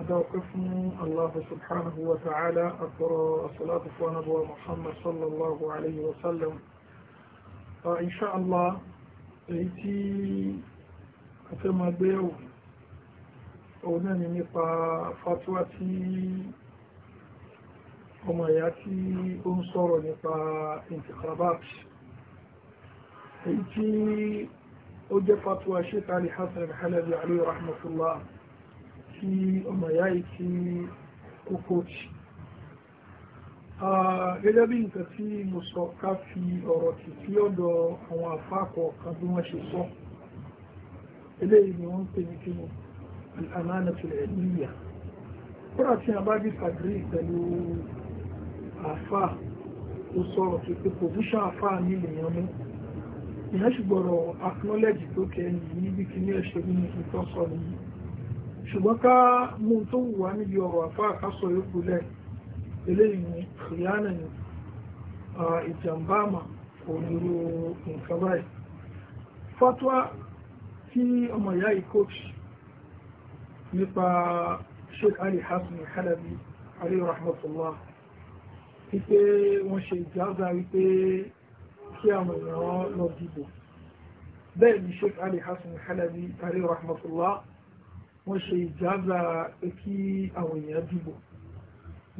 أدوقفني الله سبحانه وتعالى أكبر الصلاة ونبوة محمد صلى الله عليه وسلم آه، إن شاء الله إيتي أتما بيو أولاني نقا فتواتي ọmọ ìyá tí ó ń sọ̀rọ̀ nípa intikhabat èyí tí ó jẹ́ fatuwa ṣétàlì tí ọmọ ìyá yìí tí ó kóòtì gẹ́gẹ́ bí nǹkan tí mo sọ ká fi ọ̀rọ̀ tì sí ọ̀dọ̀ àwọn àfáàkọ̀ kan bí wọ́n ṣe sọ eléyìí ni wọ́n ń pè ní kí mo àmàna tilẹ̀ níyà kúrò tí a bá disagree pẹ̀lú àfáà ó sọ̀rọ̀ pé position àfáà mi lèèyàn mú ìyẹn ṣùgbọ́n acknowledge tó kẹ́ ẹni yìí bí kí ní ẹ̀ṣẹ̀ nínú ìtọ́sọ nìyí ṣùgbọ́n ká mú tó wà níbi ọ̀rọ̀ àfá àkásọ̀ yókù eléyìí ni ìyáàna ni ìjàmbá àmà òdúró nǹkan báyìí fatwa tí ọmọ ìyá ìkóòtù nípa sheikh ali hasan halabi alayhi rahmatullah wípé wọ́n ṣe ìjáza wípé kí àwọn èèyàn lọ dìbò bẹ́ẹ̀ ni sheikh ali hasan halabi alayhi rahmatullah wọ́n ṣe ìjáza kí àwọn èèyàn dìbò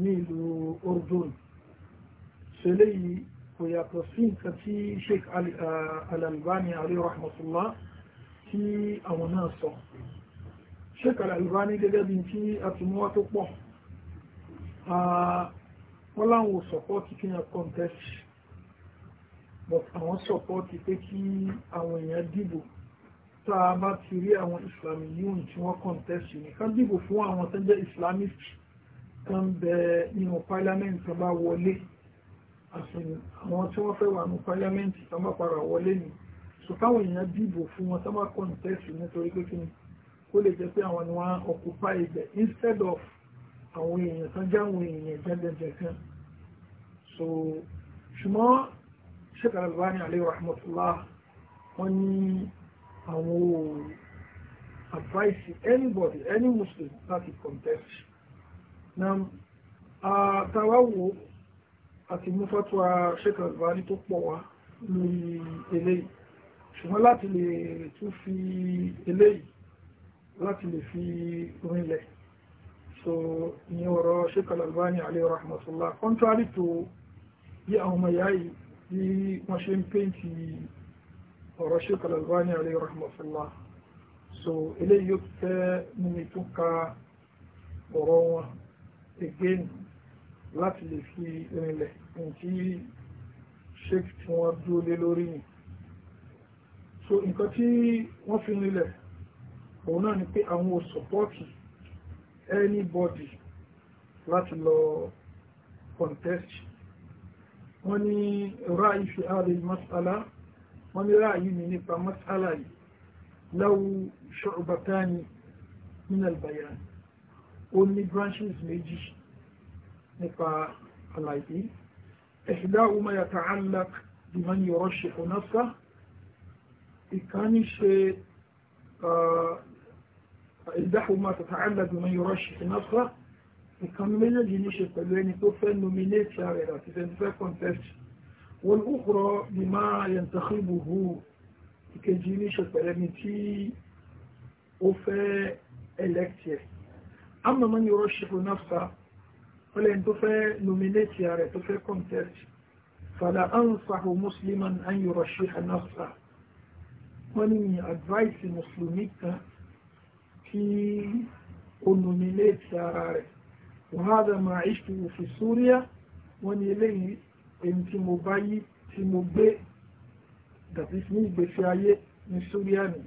ní ìlú Urdun ṣẹlẹ̀ yìí kò yàtọ̀ sí nǹkan tí Sheikh Al-Albani alayhi rahmatullah tí àwọn náà sọ Sheikh Al-Albani gẹ́gẹ́ bí tí àtúnmọ́wá tó pọ̀ wọ́n láwọn ò sọ̀pọ́tì kí yàn contest but àwọn sọ̀pọ́tì pé kí àwọn èèyàn dìbò tá a bá ti rí àwọn islami yíwọ̀n tí wọ́n kọ̀ǹtẹ́sì ní ká dìbò fún àwọn tó ń jẹ́ islamist kan bẹ nínú parliament tó bá wọlé àsìnì àwọn tí wọ́n fẹ́ wà nínú parliament tó bá padà wọlé ni so káwọn èèyàn dìbò fún wọn tó bá kọ̀ǹtẹ́sì nítorí pé kí ni ó lè jẹ́ pé àwọn ni wọ́n occupy ibẹ̀ instead of àwọn èèyàn tó jáwọn èèyàn jẹ́jẹ̀jẹ̀ kan so ṣùgbọ́n Sheikh Al-Albani alayhi rahmatullah wọ́n àwọn òòrùn advice anybody any Muslim that láti contest na tàwa wo àti mufatua sheikh albani tó pọ̀ wá lórí eléyìí ṣùgbọ́n láti lè tún fi eléyìí láti lè fi rinlẹ̀ so ní ọ̀rọ̀ sheikh albani alayhi rahmatullah contrary to bí àwọn ọmọ ìyá yìí bí wọ́n ṣe ń pèntì ọ̀rọ̀ Sheikh Al-Albani alayhi rahmatullah so eléyìí yóò fẹ́ mímí tún ka ọ̀rọ̀ wọn again láti lè fi rinlẹ̀ nǹkí sheik tí wọ́n dúró lé lórí yìí so nǹkan tí wọ́n fi rinlẹ̀ òun náà ni pé àwọn ò sọ̀pọ́ọ̀tì anybody láti lọ contest wọ́n ní ráì fi ààrẹ masala wọ́n ní ráàyí mi nípa mas'ala yìí lahu shu'batani min al-bayan ó ní branches méjì nípa àlàyé ihdahuma yata'allaq biman yurashihu nafsahu ìkànnì ṣe ihdahuma tata'allaq biman yurashihu nafsahu ìkànnì méjèèjì ní ṣe pẹ̀lú ẹni tó fẹ́ nominate rẹ̀ àti fẹ́ والأخرى بما ينتخبه كجينيش البرامتي وفاء الكتير أما من يرشح نفسه ولا ينتفى نومينيتيا يا كونتيرت فلا أنصح مسلما أن يرشح نفسه وني أدفايس مسلميك في نومينيت وهذا ما عشته في سوريا وني ليه èyí tí mo bá yí tí mo gbé dàbí ní ìgbésí ayé ní súríà ni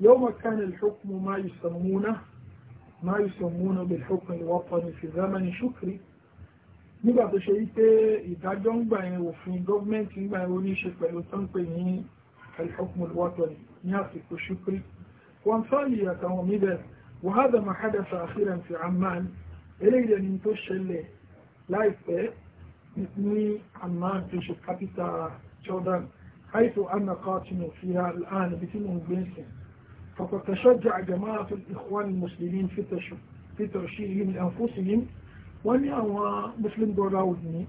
yawma kana al-hukmu ma yusammuna ma yusammuna bil-hukm al-watani fi zamani shukri nígbà tó ṣe wípé ìdájọ́ ń gbà yẹn òfin gọ́ọ̀mẹ́ntì ń gbà yẹn oníṣe pẹ̀lú tó ń pè ní al-hukm al ní àsìkò shukri وأمثالي يتعمدا وهذا ما حدث أخيرا في عمان إليه أن تشل لا يفعل مثل عمان في شقتها جودان حيث أن قاتم فيها الآن باسمه بنسن فقد تشجع جماعة الإخوان المسلمين في ترشيدهم لأنفسهم wọ́n ní àwọn muslim brotherhood ní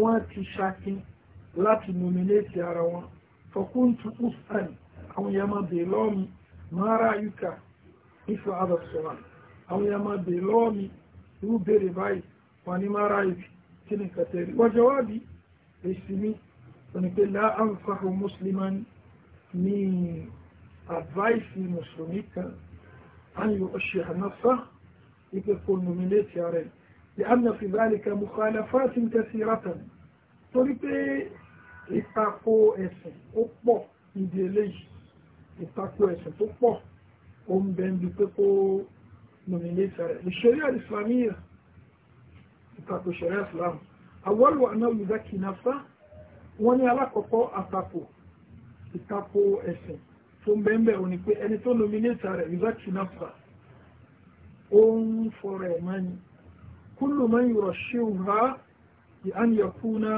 wọ́n ti ṣakin láti nominate ara wọn fọkún tukú sàn àwọn yẹn máa bèè lọ́ọ̀mì mara yuka ife adọ̀sọ̀rọ̀ àwọn yẹn máa bèè lọ́ọ̀mì irú bèrè báyìí wọ́n ní mara yuka kí ni nǹkan tẹ́rí wọ́n jawabi èsì mi òní pé la anfahu musliman ní àdváìsì mùsùlùmí kan an yu'ashshiha nafsahu ipe kò nominate rẹ̀ لأن في ذلك مخالفات كثيرة torípé ìtakò ẹ̀sìn ó pọ̀ ìdí eléyìí ìtakò ẹ̀sìn tó pọ̀ ó ń bẹ ń bi pé kó nominate rẹ̀ ìṣeré àdìsílámíyà ìtàkù ṣẹ̀rẹ́ islam awọ́lù àná olùdákì nàfà wọ́n ní alákọ̀ọ́kọ́ àtakò ìtakò ẹ̀sìn tó ń bẹ́ẹ̀ bẹ́ẹ̀ ò ní pé ẹni tó nominate rẹ̀ ìdákì nàfà ó ń fọ̀rọ̀ ẹ̀ mọ́ni kúlù máa ń yọ̀rọ̀ ha di an yakuna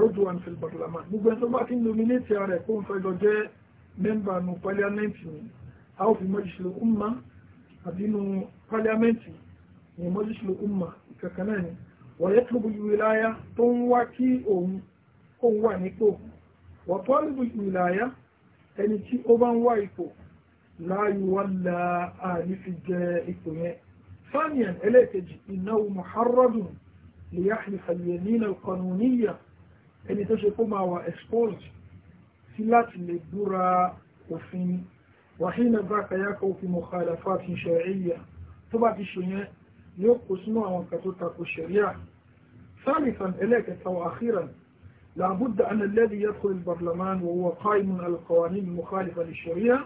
rodwan fil barlaman gbogbo ẹni tó bá ti nominate rẹ̀ kó ń fẹ́ lọ jẹ́ mẹ́mbà nù pálíámẹ́ǹtì ni a fi mọ́jú ní mọ́júṣù umma ìkankan náà ni wọ́n yẹ tóbu ìwìláyà tó ń wá kí òun kó ń wà nípò wọ́n tó ń bu ìwìláyà ẹni tí ó bá ń wá ipò láàyò wà lá àní fi jẹ ipò yẹn ثانيا إليكجي إنه محرض ليحلف اليمين القانونية ẹni tó ṣe kó máa wà exposed sí láti lè búra òfin wàhíìnà bá kàyákọ̀ òfin mọ̀kàlàfà ti ṣẹ̀ríyà tó bá ti ṣe yẹn ni ó kó sínú àwọn nǹkan tó tako ṣẹ̀ríà ثالثا إليك وأخيرا لا بد أن الذي يدخل البرلمان وهو قائم على القوانين المخالفة للشريعة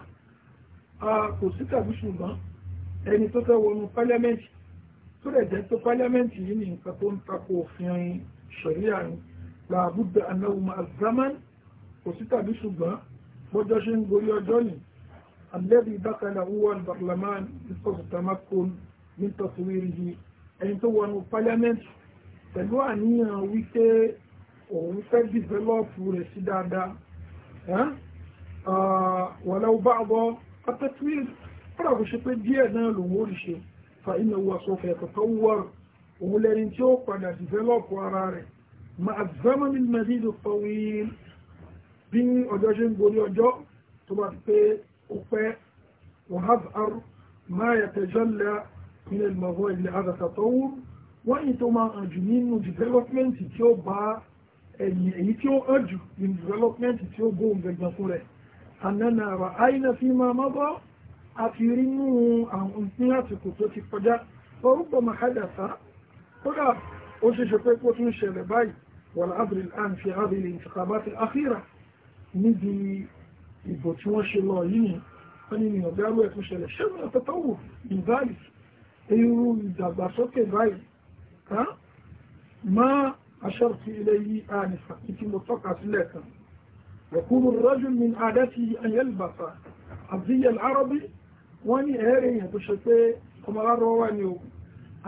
أقصد بشمة أن تتوى البرلمان تريد البرلمان يعني تكون تقوى في الشريعة لا بد أنه مع الزمن أقصد بشمة مجاشن بوريا جوني الذي دخل هو البرلمان بصوت تمكن ní tọ̀síwìrì yìí ẹni tó wọnú pálíámẹ́ǹtì pẹ̀lú àníyàn wípé òun fẹ́ dìvẹ́lọ́pù rẹ̀ sí dáadáa wọ̀lẹ́wọ́ bá bọ́ pátẹ́tìwìrì fúnra kò ṣe pé díẹ̀ náà lòun ó rí ṣe fa iná wọ sọfẹ̀ ẹ̀kọ́ tó wọ̀rọ̀ òun lẹ́ni tí ó padà dìvẹ́lọ́pù ara rẹ̀ máa zẹ́mọ́ ní mẹ́rìndínlò tọ́wìrì bí ọjọ́ ṣe ń gorí ọjọ́ tó bá ti pé ó pẹ́ wàhálà máa yàtẹ̀jọ́ lẹ́yà nínú ìmọ̀wọ́ ilẹ̀ agbàtàtọ́wò wọ́n yìí tó máa hàn jù nínú development tí ó bá ẹ̀yìn èyí tí ó hàn jù nínú development tí ó gbóhùn gbẹ̀gbẹ̀ fún rẹ̀ ànánà àrà àìnà fi máa má bọ́ àti rí nínú àwọn ní àsìkò tó ti kọjá orúkọ mahadasa kódà ó ṣe ṣe pé kó tún ṣẹlẹ̀ báyìí wal adri al'an fi hadhihi al-intiqabat níbi ìbò tí wọ́n ṣe lọ yìí ni wọ́n ní ìyànjẹ́ àrùn ẹ̀tún ṣẹlẹ̀ ṣẹ́gun àtọ́tọ́wò ìbáyìí irú ìdàgbàsókè báyìí ká máa aṣọ́rùtù ilé yìí ànífà ìtí mo tọ́ka sílẹ̀ kan yẹ̀kúrú rọ́jú min adẹ́tì ayélbàfà àbíyẹl arọ́bí wọ́n ní ẹ̀ẹ́rẹ̀ èèyàn tó ṣe pé ọmọ lárọ́wá ni o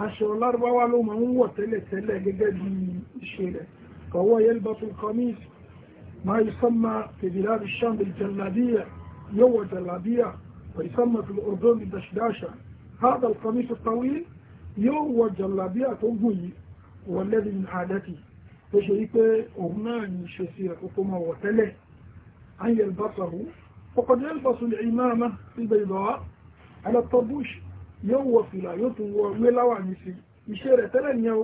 aṣọ lárọ́wá ló máa ń wọ̀ tẹ́lẹ̀ tẹ́lẹ̀ gẹ́gẹ́ bí ìṣe rẹ̀ ọwọ́ yẹlbàtún kọ́mís máa yùsọ́mà tèbìlá rìṣàn bìjẹ̀lábíyà yóò wọ̀ jẹ̀lábíyà ويسمى في الأردن بالدشداشة هذا القميص الطويل yóò wọ jàlàbíà tó gùn yìí wọ lẹ́bí ní àdẹ́tì tó ṣe wípé òun náà ní ṣe sí ẹ̀kọ́kọ́ ma wọ̀ tẹ́lẹ̀ ayẹl básahu ọkọ̀dé ìfàsùn ìmáàmá síbẹ̀ ìlọ́wà alẹ́tọ́bùsh yóò wọ fìlà yóò tún wọ wéláwà ní sí iṣẹ́ rẹ̀ tẹ́lẹ̀ ní ọ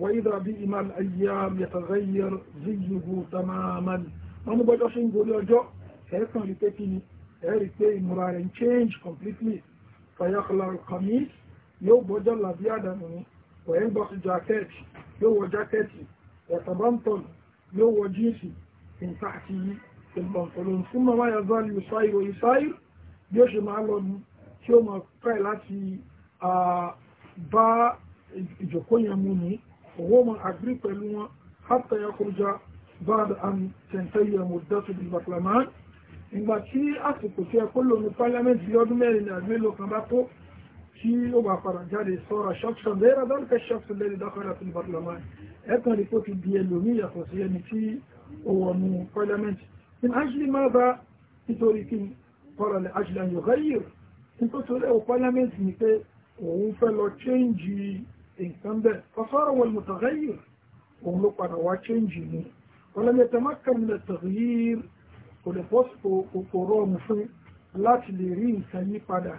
wọ ìdá bí imal ayyam yataghayyar ziyuhu tamaman wọn gbọ́dọ̀ ṣe ń gorí ọjọ́ ẹ̀ẹ́kan rí pé kíni ẹ̀ẹ́ rí pé ìmúra rẹ̀ ń change completely fàyàkọlá kàmí yóò bọ́jọ́ làbí àdànù ni wẹ̀yìn bọ́sù jákẹ́ẹ̀tì yóò wọ jákẹ́ẹ̀tì wọ̀tàbántọ̀n yóò wọ jíǹsì nǹkan àti ìgbọ̀nfọ̀lọ́n fún mọ́ wáyà zọ́ọ̀lì ìsáyì ò ìsáyì bí ó ṣe máa lọ nu tí ó máa fẹ́ láti bá ìjókòó ìgbà tí àsìkò tí ẹkọ́ lómi pálámẹ́ǹtì lọ́dún mẹ́rin ní àgbélò kan bá tó tí ó bá padà jáde sọ́ra ṣọ́ọ̀ṣọ́ lẹ́rẹ̀ dáńkẹ́ ṣọ́ọ̀ṣọ́ lẹ́rẹ̀ dákọ̀rẹ́ àti ìbàdàmà ẹ̀kan rí kó ti di ẹlòmí yàtọ̀ sí ẹni tí ó wọnú pálámẹ́ǹtì ní ashley máa bá nítorí kí kọ́ra lẹ́ ashley ayọ̀ gáyìr nítorí ẹ̀wọ̀ pálámẹ́ǹtì ni pé òun fẹ́ lọ chẹ́ǹjì nǹkan kò lè pọ́sìkò kòkòrò ọmọ fún láti lè rí nǹkan yí padà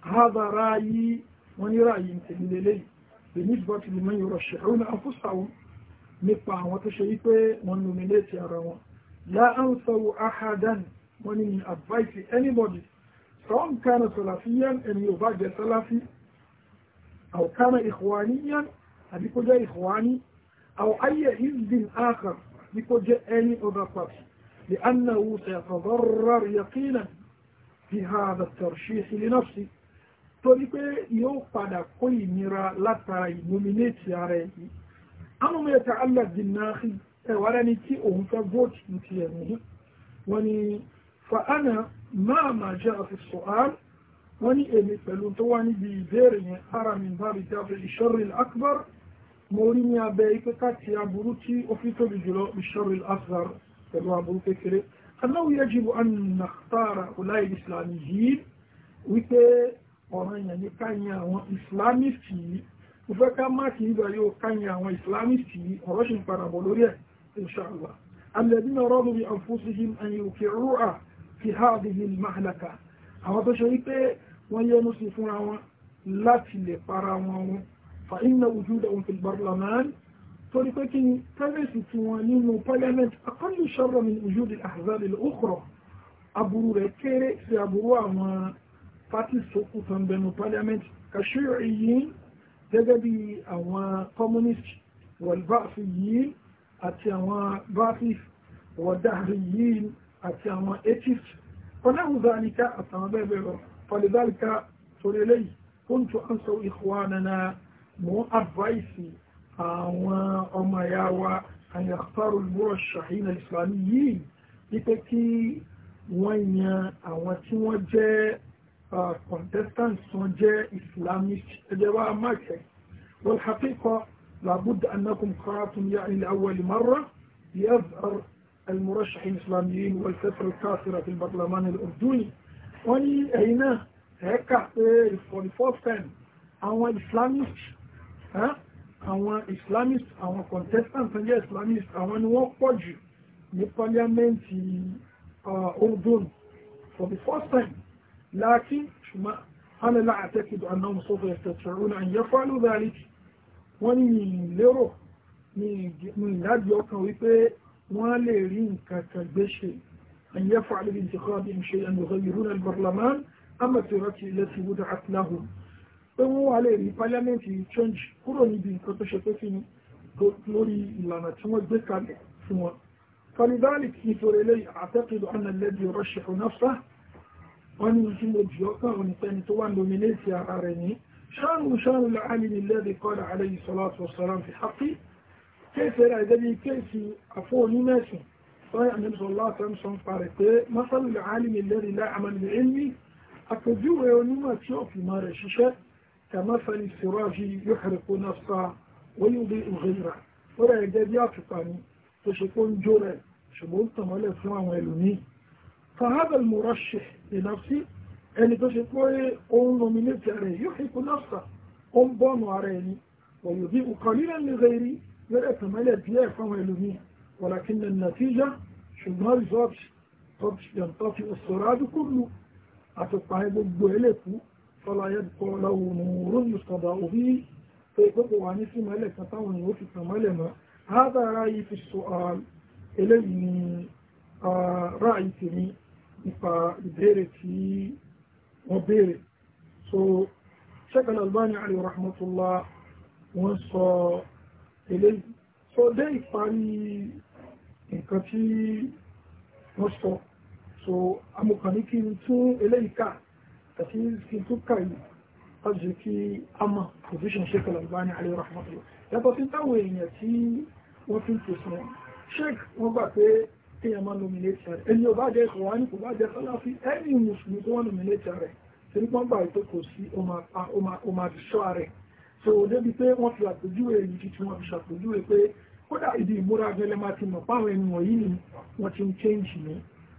hábàrá yí wọ́n ní ráyí tèmi lélẹ́yìn lè ní ìgbọ́ ti lè mọ́ yọrọ̀ ṣẹ̀rọ ní afúsàwọn nípa àwọn tó ṣe yí pé wọ́n nominate ara wọn láàánsọ̀wọ̀ ahadan wọ́n ní ní advice anybody sọ́n kánà sọ̀láfíyàn ẹni yóò bá jẹ́ sọ́láfí àwòkánà ìhùwàníyàn àbíkó jẹ́ ìhùwàní àwọ̀ ayé ìzìn áàkà àbíkó jẹ́ any other party لأنه سيتضرر يقينا في هذا الترشيح لنفسه torí pé yóò padà kó ìnira látara ìnominati ara ẹ̀yí àwọn ọmọ ẹ̀ta aláàdínnáàkì ẹ̀wà rẹ̀ ni tí òun fẹ́ vóòtù ní ti ẹ̀mí wọ́n ni fa'ana máa máa jẹ́ àfisọ̀ ààrùn wọ́n ní èmi pẹ̀lú tó wá níbi ìbéèrè yẹn ara mi bá rí jáfe ìṣọ́rìl akbar mo rí ní abẹ́ ipé káàkiri aburú tí ó fi tóbi jùlọ ìṣọ́rìl asghar pẹ̀lú aburú kékeré anáwó yajibu an nakhtara ulai islamiyin wípé ọ̀ràn yẹn ní káyìn àwọn islamist yìí mo fẹ́ ká má kì í bá yóò káyìn àwọn islamist yìí ọ̀rọ̀ ṣì ń padà bọ̀ lórí ẹ̀ inṣàlá alladhina radu bi anfusihim an yuqi'uha fi hadhihi al-mahlaka àwọn tó ṣe wípé wọ́n yẹnu sí fúnra wọn láti lè para wọn fa inna wujuda òun fil barlaman torí pé kí ni privacy tí wọ́n nínú parliament akọ́lù sharra min wujudi al-ahzab al-ukhra aburú rẹ̀ kéré sí aburú àwọn parties sókù tó ń bẹnu parliament kàṣíyọ̀ yìí gẹ́gẹ́ bí àwọn communist wọ̀lbáàfì yìí àti àwọn báàfì wọ̀dáàfì yìí àti àwọn atheist ọ̀nàhùzáníkà àtàwọn bẹ́ẹ̀ bẹ́ẹ̀ lọ pọ̀lìdáríkà torí eléyìí kuntu ansaw ikhwanana mọ́ advice وأما ياوى أن يختاروا البرو الشاحين الإسلاميين لتكي وين أواتي وجاء كونتستان سونجاء إسلاميش أجواء ماكي والحقيقة لابد أنكم قرأتم يعني لأول مرة يظهر المرشحين الإسلاميين والفترة الكافرة في البرلمان الأردني وني أينه هكا في الفولفوفن أو الإسلاميش ها àwọn islamist àwọn contestants tó jẹ́ islamist àwọn ni wọ́n pọ̀ jù ní pálíámẹ́ǹtì Urdun for the first time láàkín ṣùgbọ́n hana la àtẹ́kìdò anáwọn sọ́fẹ́ ẹ̀tẹ̀tẹ̀rún náà yẹ fọ́lù dárí wọ́n ní mi lérò mi ìdájọ́ ọkàn wípé wọ́n lè rí nǹkan kan gbé ṣe أن يفعل بانتخابهم شيئا يغيرون البرلمان أما التي وضعت لهم pé wọ́n wà lè rí pálíámẹ́ǹtì change kúrò níbi nǹkan tó ṣe pé kí ni lórí ìlànà tí wọ́n gbé kalẹ̀ fún wọn فلذلك نتوريلي أعتقد أن الذي يرشح نفسه وأن يجب جيوكا ونطين توان دومينيسيا عارني شان شان العالم الذي قال عليه الصلاة والسلام في حقي كيف رأي ذلك كيف أفول ناسي فيعني صلى الله عليه وسلم فارته مثل العالم الذي لا عمل بعلمي أكجوه ونما تيوفي ما رشيشه كمثل السراج يحرق نفسه ويضيء غيره ولا يجد يعطفني تشكون جرى شبولت مالا سلام ويلوني فهذا المرشح لنفسي يعني تشكوه أم نومينيت عليه يحرق نفسه أم بانو عليني ويضيء قليلا لغيري ولا تمالا دياء ويلوني ولكن النتيجة شنهار زوج طبش ينطفئ السراج كله أتطعب الدولة fọ́lá yẹ́dùkọ́ lọ́wọ́ òun yùsọ̀dọ̀ òbí tó ìgbókò wà ní sí mọ́lẹ̀ kan táwọn èèyàn ó fi tàn mọ́lẹ̀ mọ́ هذا رأيي في السؤال eléyìí ráàyè tèmi nípa ìbéèrè tí wọ́n béèrè so Sheikh Al-Albani alayhi rahmatullah wọ́n sọ eléyìí so dé ìparí nǹkan tí wọ́n sọ so amọ̀kànní kí n tún eléyìí ká àti kí n tó kà yìí a jẹ́ kí a mọ̀ position sheikh al-albani alayhi rahmatullah yàtọ̀ sí táwọn èèyàn tí wọ́n fi ń tẹ̀sán sheikh wọ́n gbà pé èèyàn máa nominate rẹ̀ ẹni ò bá jẹ́ ìkọ̀wání kò bá jẹ́ sálàfí ẹni mùsùlùmí tó wọ́n nominate rẹ̀ torí wọ́n gbà ètò kò sí ó máa fi ṣọ́ rẹ̀ so débi pé wọ́n fi àpèjúwe èyí títí wọ́n fi ṣàpèjúwe pé kódà ìdí ìmúra gẹ́lẹ́ ti mọ̀ páwọn ẹni wọ̀nyí ni wọ́n ti ń change ni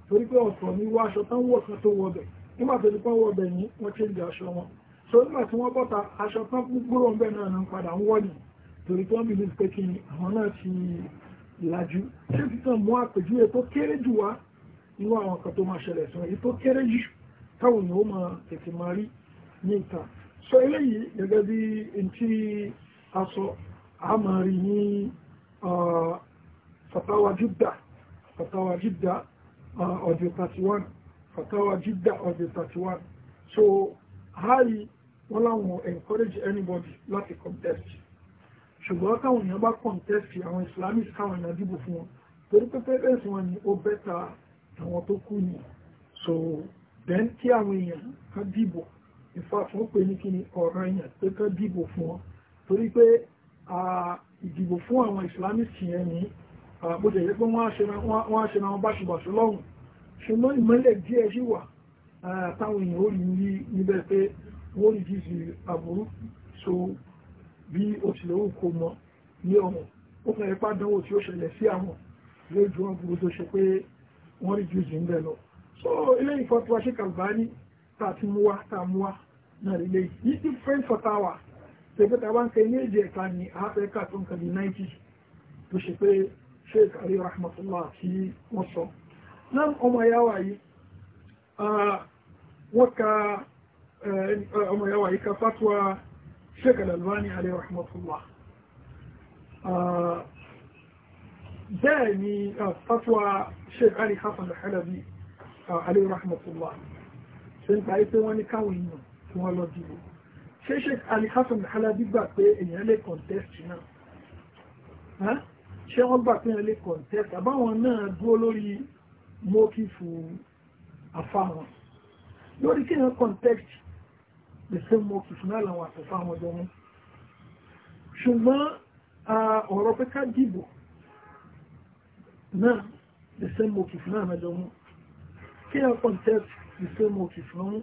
torí pé ọ̀tọ̀ ní wáṣọ tán wọ̀ kan tó wọ̀ bẹ̀ nígbà tó ti pọ́wọ́ ọbẹ̀ yìí wọ́n ti ń di aṣọ wọn so nígbà tí wọ́n bọ́ta aṣọ tán gbúgbúrò ń bẹ̀ náà ń padà ń wọ́nì torí tó ń bí nípa kí ni àwọn náà ti lajú ṣé ti tàn mú àpèjúwe tó kéré jù wá nínú àwọn kan tó máa ṣẹlẹ̀ sọ èyí tó kéré jù táwọn èèyàn ó máa tètè máa rí ní ìta so eléyìí gẹ́gẹ́ bí n tí a sọ a máa rí ní fatawa jidda fatawa jidda ọdún Fatawa Jidda on the 31. So, Hari wọ́n láwọn encourage anybody láti contest. Ṣùgbọ́n káwọn èèyàn bá contest àwọn Islamic káwọn èèyàn dìbò fún wọn. Torí pé pẹ́pẹ́sì wọn ni ó bẹ́ta àwọn tó kú ni. So, then kí àwọn èèyàn ká dìbò. In fact, wọ́n pè ní kí ni ọ̀rọ̀ èèyàn pé ká dìbò fún wọn. Torí pé ìdìbò fún àwọn Islamic yẹn ni bó ṣe yẹ pé wọ́n á ṣe ra wọn báṣubàṣu lọ́hùn ṣùgbọ́n ìmọ́lẹ̀ díẹ̀ sí wà táwọn èèyàn ó rí ní níbẹ̀ pé wọ́n rí jíjì àbúrú so bí òṣèlú kò mọ̀ ní ọmọ ó fẹ́ ipá dánwò tí ó ṣẹlẹ̀ sí àwọn yóò ọgbùrú tó ṣe pé wọ́n rí jíjì ń bẹ̀ lọ so ilé ìfọ́tí wa ṣe kàlùbárí tàti múwá tàmúwá náà ilé yìí ti fẹ́ fọ́táwà tẹ́gbẹ́ta bá ń kẹ ní èdè ẹ̀ta ní áfẹ́ríkà tó ń kàlì 90 tó ṣe pé sheik ali rahmatullah tí wọ́n sọ náà ọmọ yáwà yìí wọ́n ka ọmọ yáwà yìí ka fatwa sheikh al-albani alayhi rahmatullah bẹ́ẹ̀ ni fatwa sheikh ali hasan al-halabi alayhi rahmatullah ṣe ń ta ipé wọ́n ní káwọn èèyàn tí wọ́n lọ dìbò ṣe sheikh ali hasan al-halabi gbà pé èèyàn lè contest náà ṣé wọ́n gbà pé èèyàn lè contest àbáwọn náà dúró lórí mọ́kífù àfáwọn lórí kí wọ́n context the same mọ́kífù náà làwọn àtọ̀fáwọn jọ mú ṣùgbọ́n ọ̀rọ̀ pé ká dìbò náà the same mọ́kífù náà mẹ́jọ mú kí wọ́n context the same mọ́kífù náà mú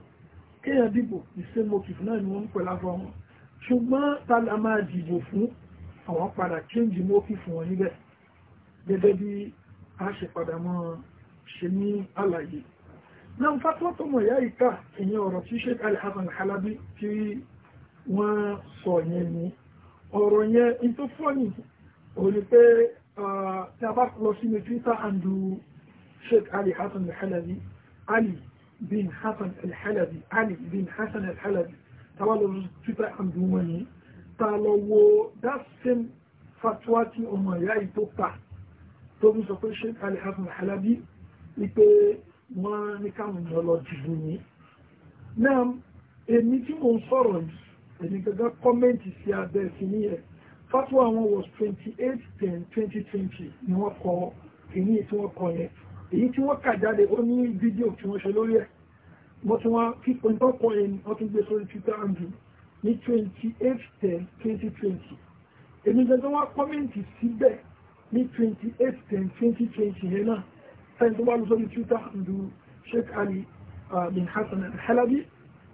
kí wọ́n dìbò the same mọ́kífù náà ni wọ́n ń pẹ̀lú àbọ̀ wọn ṣùgbọ́n ta la máa dìbò fún àwọn padà change mọ́kífù wọn níbẹ̀ gẹ́gẹ́ bí a ṣe padà mọ́ ọ ṣe ní àlàyé náà fátọ́ tó mọ̀ yá ìka ìyẹn ọ̀rọ̀ tí Sheikh Al-Hasan Halabi tí wọ́n sọ yẹn ni ọ̀rọ̀ yẹn in tó fọ́nì ò ní pé tí a bá lọ sínú Twitter and Sheikh Ali Hasan Al-Halabi Ali bin Hasan Al-Halabi Ali bin Hasan Al-Halabi tàwa lọ sí Twitter and wọn ni ta lọ wo that same fatwa tí ọmọ ìyá tó ta tó ń sọ pé Sheikh Ali halabi wípé wọ́n ní káwọn èèyàn lọ dìbò ní. náà èmi tí mò ń sọ̀rọ̀ yìí èmi gẹ́gẹ́ kọ́mẹ́ǹtì sí abẹ́ kìíní yẹn fatwa wọn was twenty eight ten twenty twenty ni wọ́n kọ èyí tí wọ́n kọ yẹn èyí tí wọ́n kà jáde ó ní fídíò tí wọ́n ṣe lórí ẹ̀ wọ́n tún wá kíkọ́ ní tọ́kọ̀ yẹn wọ́n tún gbé sórí twitter andrew ní twenty eight ten twenty twenty èmi gẹ́gẹ́ wọ́n kọ́mẹ́ǹtì síbẹ̀ ní twenty eight ten twenty twenty yẹn náà fẹ́ni tó bá lọ sórí twitter ndu sheikh ali bin hasan al-halabi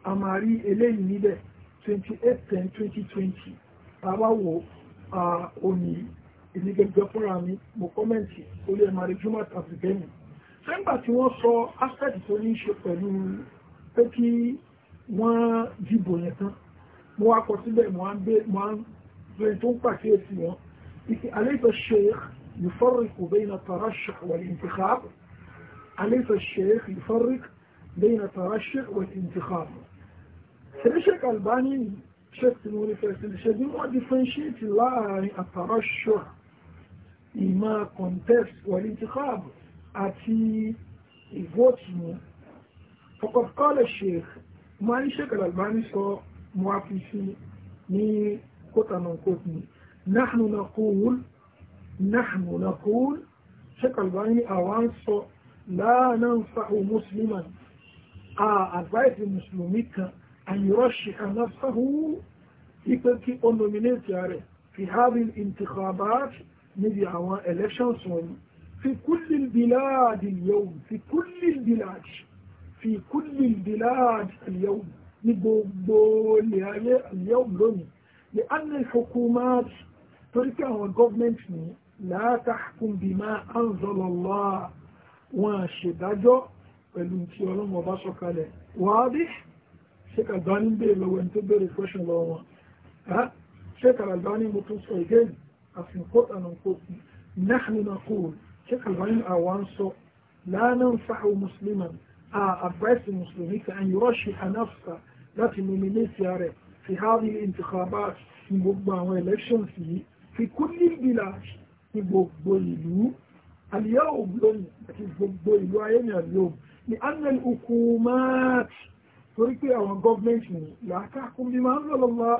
àmàrí eléyìí níbẹ̀ twenty eight ten twenty twenty bàbá wo òní ìnígẹ̀gẹ̀ fúnra mi mo kọ́mẹ̀ntì orí ẹ̀màrí jumat afrikẹ́mi sẹ́ńgbà tí wọ́n sọ aspect tó ní ṣe pẹ̀lú pé kí wọ́n dìbò yẹn tán mo wá kọ síbẹ̀ mo á ń bẹ́ẹ̀ mo á ń bẹ́ẹ̀ tó ń pàkíyèsí wọn ìpè àlejò sheikh يفرق بين الترشح والانتخاب أليس الشيخ يفرق بين الترشح والانتخاب الشيخ الباني شيخ تنوري فاسل شديد وديفنشيت لاعي الترشح إما كونتست والانتخاب أتي الفوتسمو فقد قال الشيخ ما الشيخ الألباني سو موافقين ني كوتا نون كوتني نحن نقول نحن نقول Sheikh Albani àwọn sọ la nanfa'u musliman a advise musulmi kan an yurashshiha nafsahu ipe kí ó nominate rẹ̀ fi hadhihi al-intikhabat níbi àwọn elections wọn fi kulli al-bilad al-yawm fi kulli al-bilad fi kulli al-bilad al-yawm ní gbogbo ilẹ̀ ayé al-yawm lónìí li anna al-hukumat torí pé àwọn gọ́ọ̀mẹ̀ntì nìyẹn la tahkum bima anzala Allah wọn ṣèdájọ́ pẹ̀lú tí ọlọ́run ọba sọ̀kalẹ̀ wáábí ṣe kàgbá ní bèèrè lọ́wọ́ ẹni tó bèèrè question lọ́wọ́ wọn ṣe kàgbá ní mo tún sọ again àfihàn kó ẹnu kó nahnu naqul ṣe kàgbá ní àwọn sọ la nanfa'u musliman a advice musulmi fi hadhihi intikhabat ní gbogbo àwọn elections yìí fi kulli bilad ní gbogbo ìlú àlìyá òun lónìí àti gbogbo ìlú ayé ní àlìyá òun ni anel hukumat torí pé àwọn gọ́ọ̀mẹ́ntì ní làákàkún bí máa ń lọ lọ́wọ́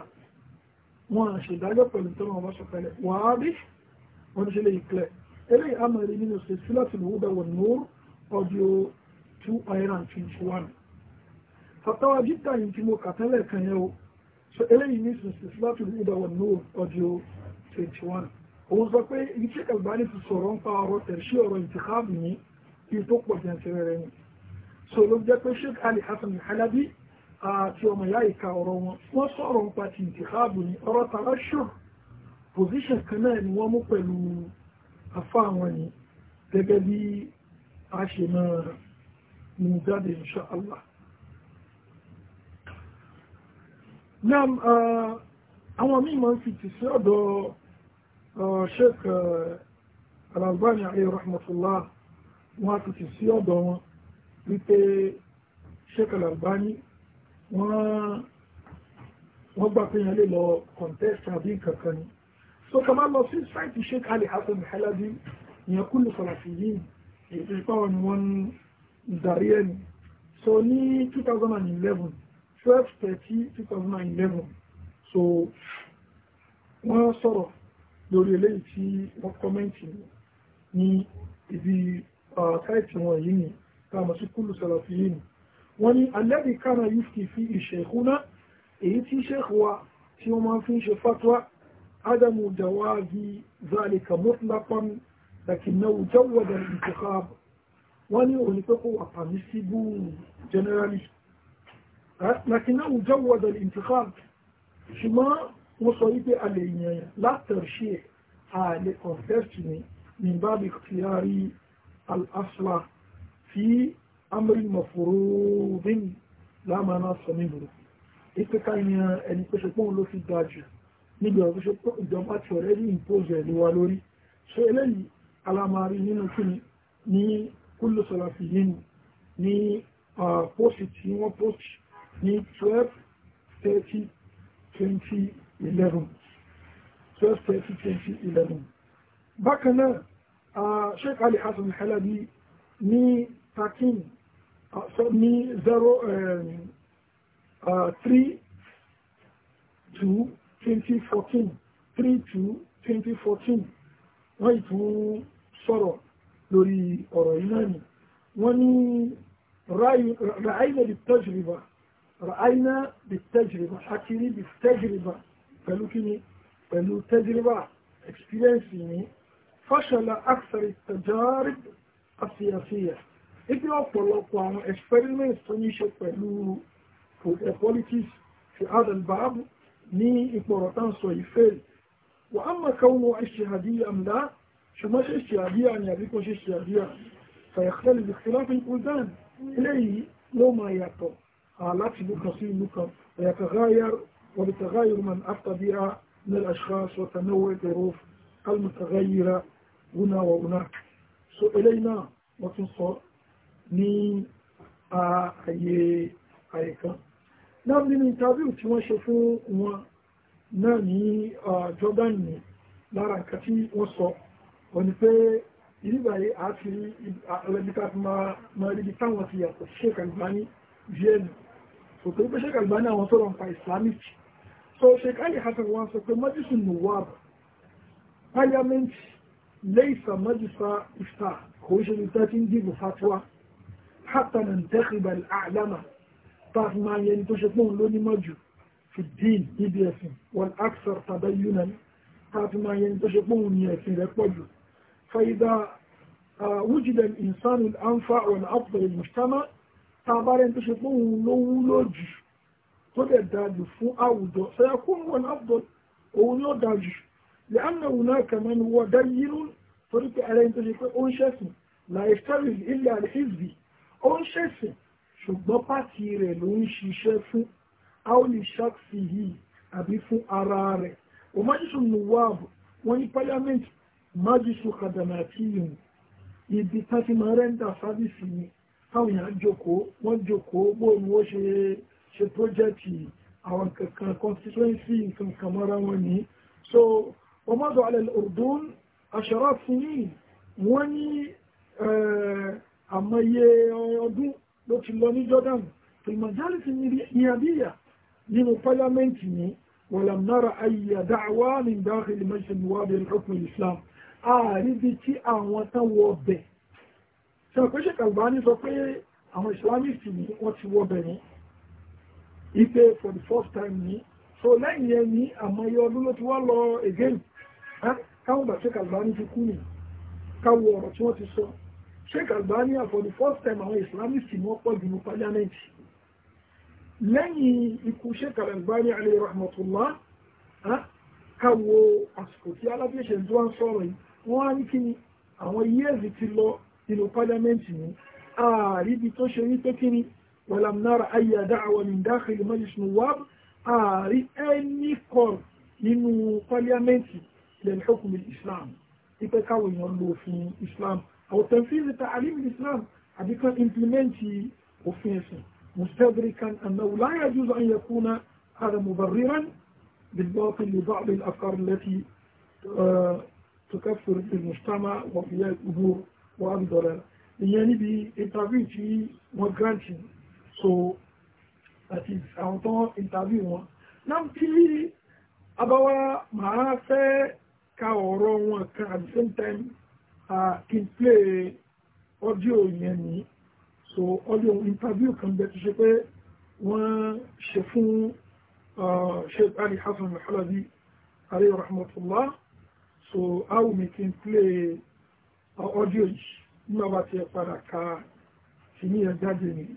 wọn àṣèdájọ́ pẹ̀lú tọ́nà ọmọ sọ pẹ̀lẹ́ wàá bí wọ́n ṣe lè kílẹ̀ eléyìí a mọ̀ rí nínú silsilatul huda wan 21 òun sọ pé iṣẹ́ kalbani ti sọ̀rọ̀ ń pa ọ̀rọ̀ tẹ̀sí ọ̀rọ̀ ìtìkáàbù ní kí tó pọ̀ jẹ́ ṣe rẹ̀ ni so ló jẹ́ pé sheik ali hasan halabi àti ọmọ ìyá ìka ọ̀rọ̀ wọn wọ́n sọ̀rọ̀ ń pa ti ìtìkáàbù ní ọ̀rọ̀ tààrà ṣù position kan náà ni wọ́n mú pẹ̀lú afá wọn ni gẹ́gẹ́ bí a ṣe máa mú jáde insha Allah náà àwọn míì máa ń fi tì sí sheikh al-Albani alayhi rahmatullah wọ́n ti ti sí ọ̀dọ̀ wọn wípé sheikh al-Albani wọ́n gbà pé yẹn lè lọ contest àbí kankan ni so kama lọ sí sáìtì sheikh ali hasan halabi yẹn kúlù falafiyin èyí pàwọn ni wọ́n ń darí ẹni so ní 2011 1230, 2011 so wọ́n sọ̀rọ̀ lórí eléyìí tí wọ́n kọ́mẹ́ǹtì ní ibi táìtì wọn yìí ni káàmọ̀ sí kúlù sàlàfí yìí ni wọ́n ní alẹ́bí kánà yufti fi ìṣẹ̀kúná èyí tí ṣẹ́kù wa tí wọ́n máa fi ń ṣe fatwa ádámù jawazi zalika mutlaqan lakinnahu jawwada al-intikhab wọ́n ní òní pé kó wà permissible generally lakinnahu jawwada al-intikhab ṣùgbọ́n wọ́n sọ wípé a lè yàn látọ̀ṣe àlè kọ̀fẹ́tì ni nígbà bí ti a rí al-asla fi amri mafurudin lámàánà sọ nílùú ipe ká yan ẹni pé ṣepọ́n ló fi ga jù níbi ọ̀rọ̀ ṣe pọ́ ìjọba ti ọ̀rẹ́ ní ìpóòzẹ̀ ìlú wa lórí ṣe eléyìí alamari nínú kíni ní kullu salafiyin ní pósì tí wọ́n ní 12 30 20 2011 12-2011 bákan náà Sheikh Ali Hasan Halabi ní 13 ní 3-2-2014 3-2-2014 um, wọ́n ìtún sọ̀rọ̀ lórí ọ̀rọ̀ iná ni wọ́n ní ra'ayna bi tajriba ra'ayna bi tajriba akiri bi tajriba pẹ̀lú kíni pẹ̀lú tẹ́jìrìbà ẹ̀kspíríẹ́nsì ní fáṣọlá àkṣẹ̀rì tẹ̀jọ́rì àfihàfihà ibi ọ̀pọ̀lọpọ̀ àwọn experiments tó ní ṣe pẹ̀lú politics fi adam baabu ní ìpọ̀rọ̀tàn sọ ìfẹ́ wà á mọ̀ káwọn ìṣèhàdíyà ńlá ṣùgbọ́n ṣe ìṣèhàdíyà ni àbíkọ́ ṣe ìṣèhàdíyà fàyàkẹ́lì ìṣèláfin kúndán eléyìí ló máa yàtọ̀ àláti lùkàn sí ìlú kan fàyàkẹ́ ولتغير من أبطى بها من الأشخاص وتنوع الظروف المتغيرة هنا وهناك سئلينا وتنصر ní ààyè àìkan náà nínú interview tí wọ́n ṣe fún wọn náà ní Jordan ní lára nǹkan tí wọ́n sọ wọ́n ni pé ìrìbàyé àti alẹ́bíkà ma ríbi táwọn ti yàtọ̀ Sheikh Albani vienna so tó pé Sheikh Albani àwọn tó rọ̀ nípa Islamic So أي Ali Hassan في مجلس النواب Majlis al ليس مجلس إفتاء هو شركة دي فتوى حتى ننتخب الأعلم طاف ما ينتشفون لوني مجو في الدين إبياسين والأكثر تبينا طاف ما ينتشفون ياسين لكوجو فإذا آه، وجد الإنسان الأنفع والأفضل المجتمع ما تعبار ينتشفون لوني لوجه tó dẹ̀ dájú fún àwùjọ sẹ́yàkún wọn afdal òun yóò dájú lè ánà wùnà kàmẹ́nu wọ́n dá yínú torí pé ara ẹni tó ṣe pé ó ń ṣẹ̀sìn láì sẹ́rìn ilẹ̀ àlẹ́sìbì ó ń ṣẹ̀sìn ṣùgbọ́n pàtì rẹ̀ ló ń ṣiṣẹ́ fún aoli ṣáàkì yìí àbí fún ara rẹ̀ òmájísù nùwàbù wọ́n ní pálíámẹ́ǹtì májísù kàdàmàtì yìí ibi tá ti máa rẹ́ńdà sábìsì ni táwọn èèyàn jókòó wọ́n jókòó bóun ó ṣe é ṣe pọ́jẹ́tì àwọn kankan constituency nǹkan kan mọ́ra wọn ní so wọ́n mọ́dù alẹ́ ọ̀dún aṣọ́rọ́ fún yìí wọ́n ní eh, àmọye ọdún ló ti lọ ní Jordan tìmọ̀jálìsì ní àbíyà nínú pálíámẹ́ǹtì ní wọ̀làmnára ayé àdáwà ní dáhìlì mẹ́sàn-án wàbí ọkùn Islam àríbi tí àwọn tán wọ ọbẹ̀ sọ pé kàlùbá ní sọ pé àwọn Islamist ní wọ́n ti wọ ọbẹ̀ ní ipe for the first time ní so lẹ́yìn yẹn ní àmọ́yé ọdún ló ti wá lọ again káwọn bá Sheikh Albani ti kú ni káwọ ọ̀rọ̀ tí wọ́n ti sọ Sheikh Albani for the first time àwọn Islamist ni wọ́n pọ̀ jù ní parliament lẹ́yìn ikú Sheikh Albani alayhi rahmatullah káwọ àsìkò tí alábíyẹ̀ṣẹ̀ ń dúwà ń sọ̀rọ̀ yìí wọ́n á ní kí ni àwọn yíẹ̀sì ti lọ nínú parliament ní ààrí ibi tó ṣe ní pé kí ni ولم نرى أي دعوة من داخل مجلس النواب أري أني كور nínú pálíámẹ́ǹtì للحكم الإسلامي ipe káwọn في الإسلام أو تنفيذ àwọn الإسلام ta alim islam مستدركا أنه لا يجوز أن يكون هذا مبررا بالباطل لبعض الأفكار التي تكفر في المجتمع وفي الأمور وأبدالها يعني بإنترفيو تي وجرانتي so that is àwọn tó interview wọn náà tí abáwá màá fẹ́ ka ọ̀rọ̀ wọn kan at the same time kí n play audio yẹn ni so audio interview kan bẹ tó ṣe pé wọ́n ṣe fún Sheikh Ali Hasan al-Halabi alayhi rahmatullah so how we can play audio yìí nígbà bá ti ẹ̀ padà ka kìíní ẹ̀ jáde nìyí.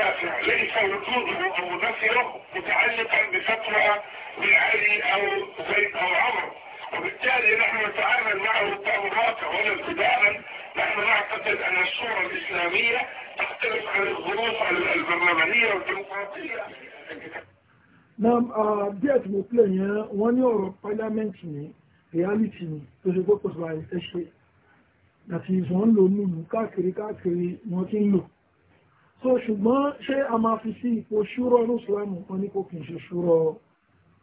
دافع ليس وجوده أو نفيه متعلقا بفتوى من علي أو زيد أو عمر وبالتالي نحن نتعامل معه التأمرات ولا ابتداء نحن نعتقد أن الصورة الإسلامية تختلف عن الظروف البرلمانية والديمقراطية نعم bí ẹ̀ tí mo pè yẹn wọ́n ní ọ̀rọ̀ pàlámẹ́ǹtì ní reality ní tó ṣe gbọ́pọ̀ sọ àìsẹ́ ṣe àti ìṣàn ń lò nínú káàkiri káàkiri wọ́n وان ń aise se so ṣùgbọ́n ṣé a máa fi sí ipò ṣúrọ̀ ní ìsìlámù kan ní kò kì í ṣe ṣúrọ̀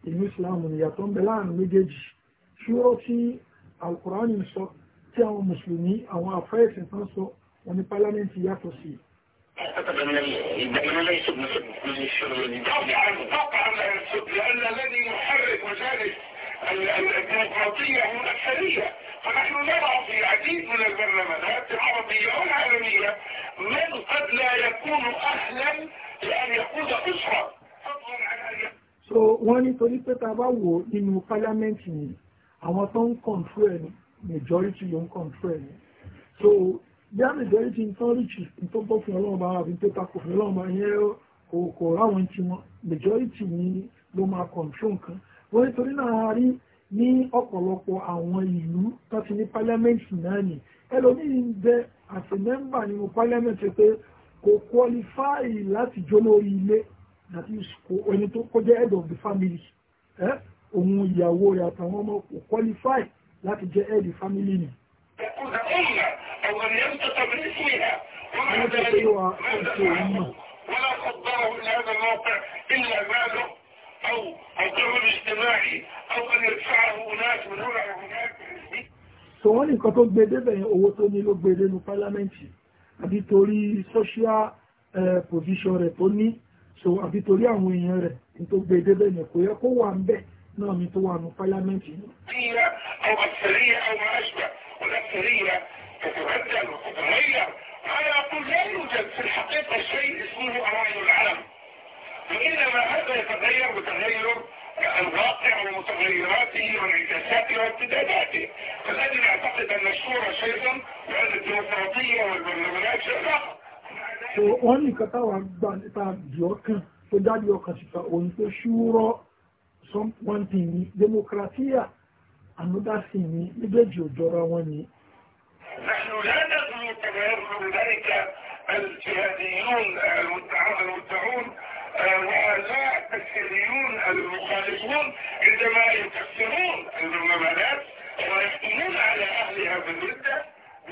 ìlú ìsìlámù ìyàtọ̀ ń bẹ láàrin méjèèjì ṣúrọ̀ tí alukurani ń sọ tí àwọn mùsùlùmí àwọn afẹ́ẹ̀sìn kan sọ wọn ní pálámẹ́ǹtì yàtọ̀ sí i. أعتقد أن البيان ليس بمثل طبعا طبعا لأن الذي يحرك وذلك الديمقراطية هو الأكثرية فنحن نرى في العديد من البرنامجات العربية والعالمية من قد لا يكون أهلا لأن يقود أسرة so wọ́n ní torí pé ta bá wò nínú pálámẹ́ǹtì yìí àwọn tó ń kọ̀ǹtró ẹ̀ ní majority ló ń kọ̀ǹtró ẹ̀ ní so yá majority ń tán ríjì tó bọ́ fún ọlọ́run bá wà bí tó takò fún ọlọ́run bá yẹn kò kò ráwọn tí majority ní ló máa kọ̀ǹtró nǹkan wọ́n ní torí náà a rí ní ọ̀pọ̀lọpọ̀ àwọn ìlú tó ti ní pálíámẹ́ǹtì náà nì ẹlòmíì ń bẹ àti mẹ́mbà nínú pálíámẹ́ǹtì pé kò qualify láti jó lórí ilé that is ẹni tó kọjá head of the family òun ìyàwó rẹ̀ àtàwọn ọmọ kò qualify láti jẹ́ head of family nì. ẹ̀kọ́ ìyá ọ̀gbọ̀n ni ó ń bí sí ìyá wọ́n ń tẹ̀lé wọn ولا قدره لهذا الموقع إلا ماله أو الدور الاجتماعي so wọ́n ní nǹkan tó gbé débẹ̀ yẹn owó tó ní ló gbé dénú pálámẹ́ǹtì àbí torí social provision rẹ̀ tó ní so àbí torí àwọn èèyàn rẹ̀ ní tó gbé débẹ̀ yẹn kò yẹ kó wà ń bẹ̀ náà ní tó wà nù pálámẹ́ǹtì yẹn. أنا أقول لا في الحقيقة شيء اسمه أراعي العالم وإنما هذا يتغير بتغير الواقع ومتغيراته وانعكاساته وارتداداته فالذي نعتقد أن الشورى شيء وأن الديمقراطية والبرلمانات شيء آخر wọ́n nìkan táwọn gbà nípa àjọkàn tó dájú ọkàn síta òun tó ṣúrọ́ one thing ni democratia another thing ni méjèèjì ò jọra wọn ni. نحن لا نزل تبرر ذلك الجهاديون المدعون وآلاء السريون المخالفون عندما يكسرون الممالات ويحكمون على أهلها بالردة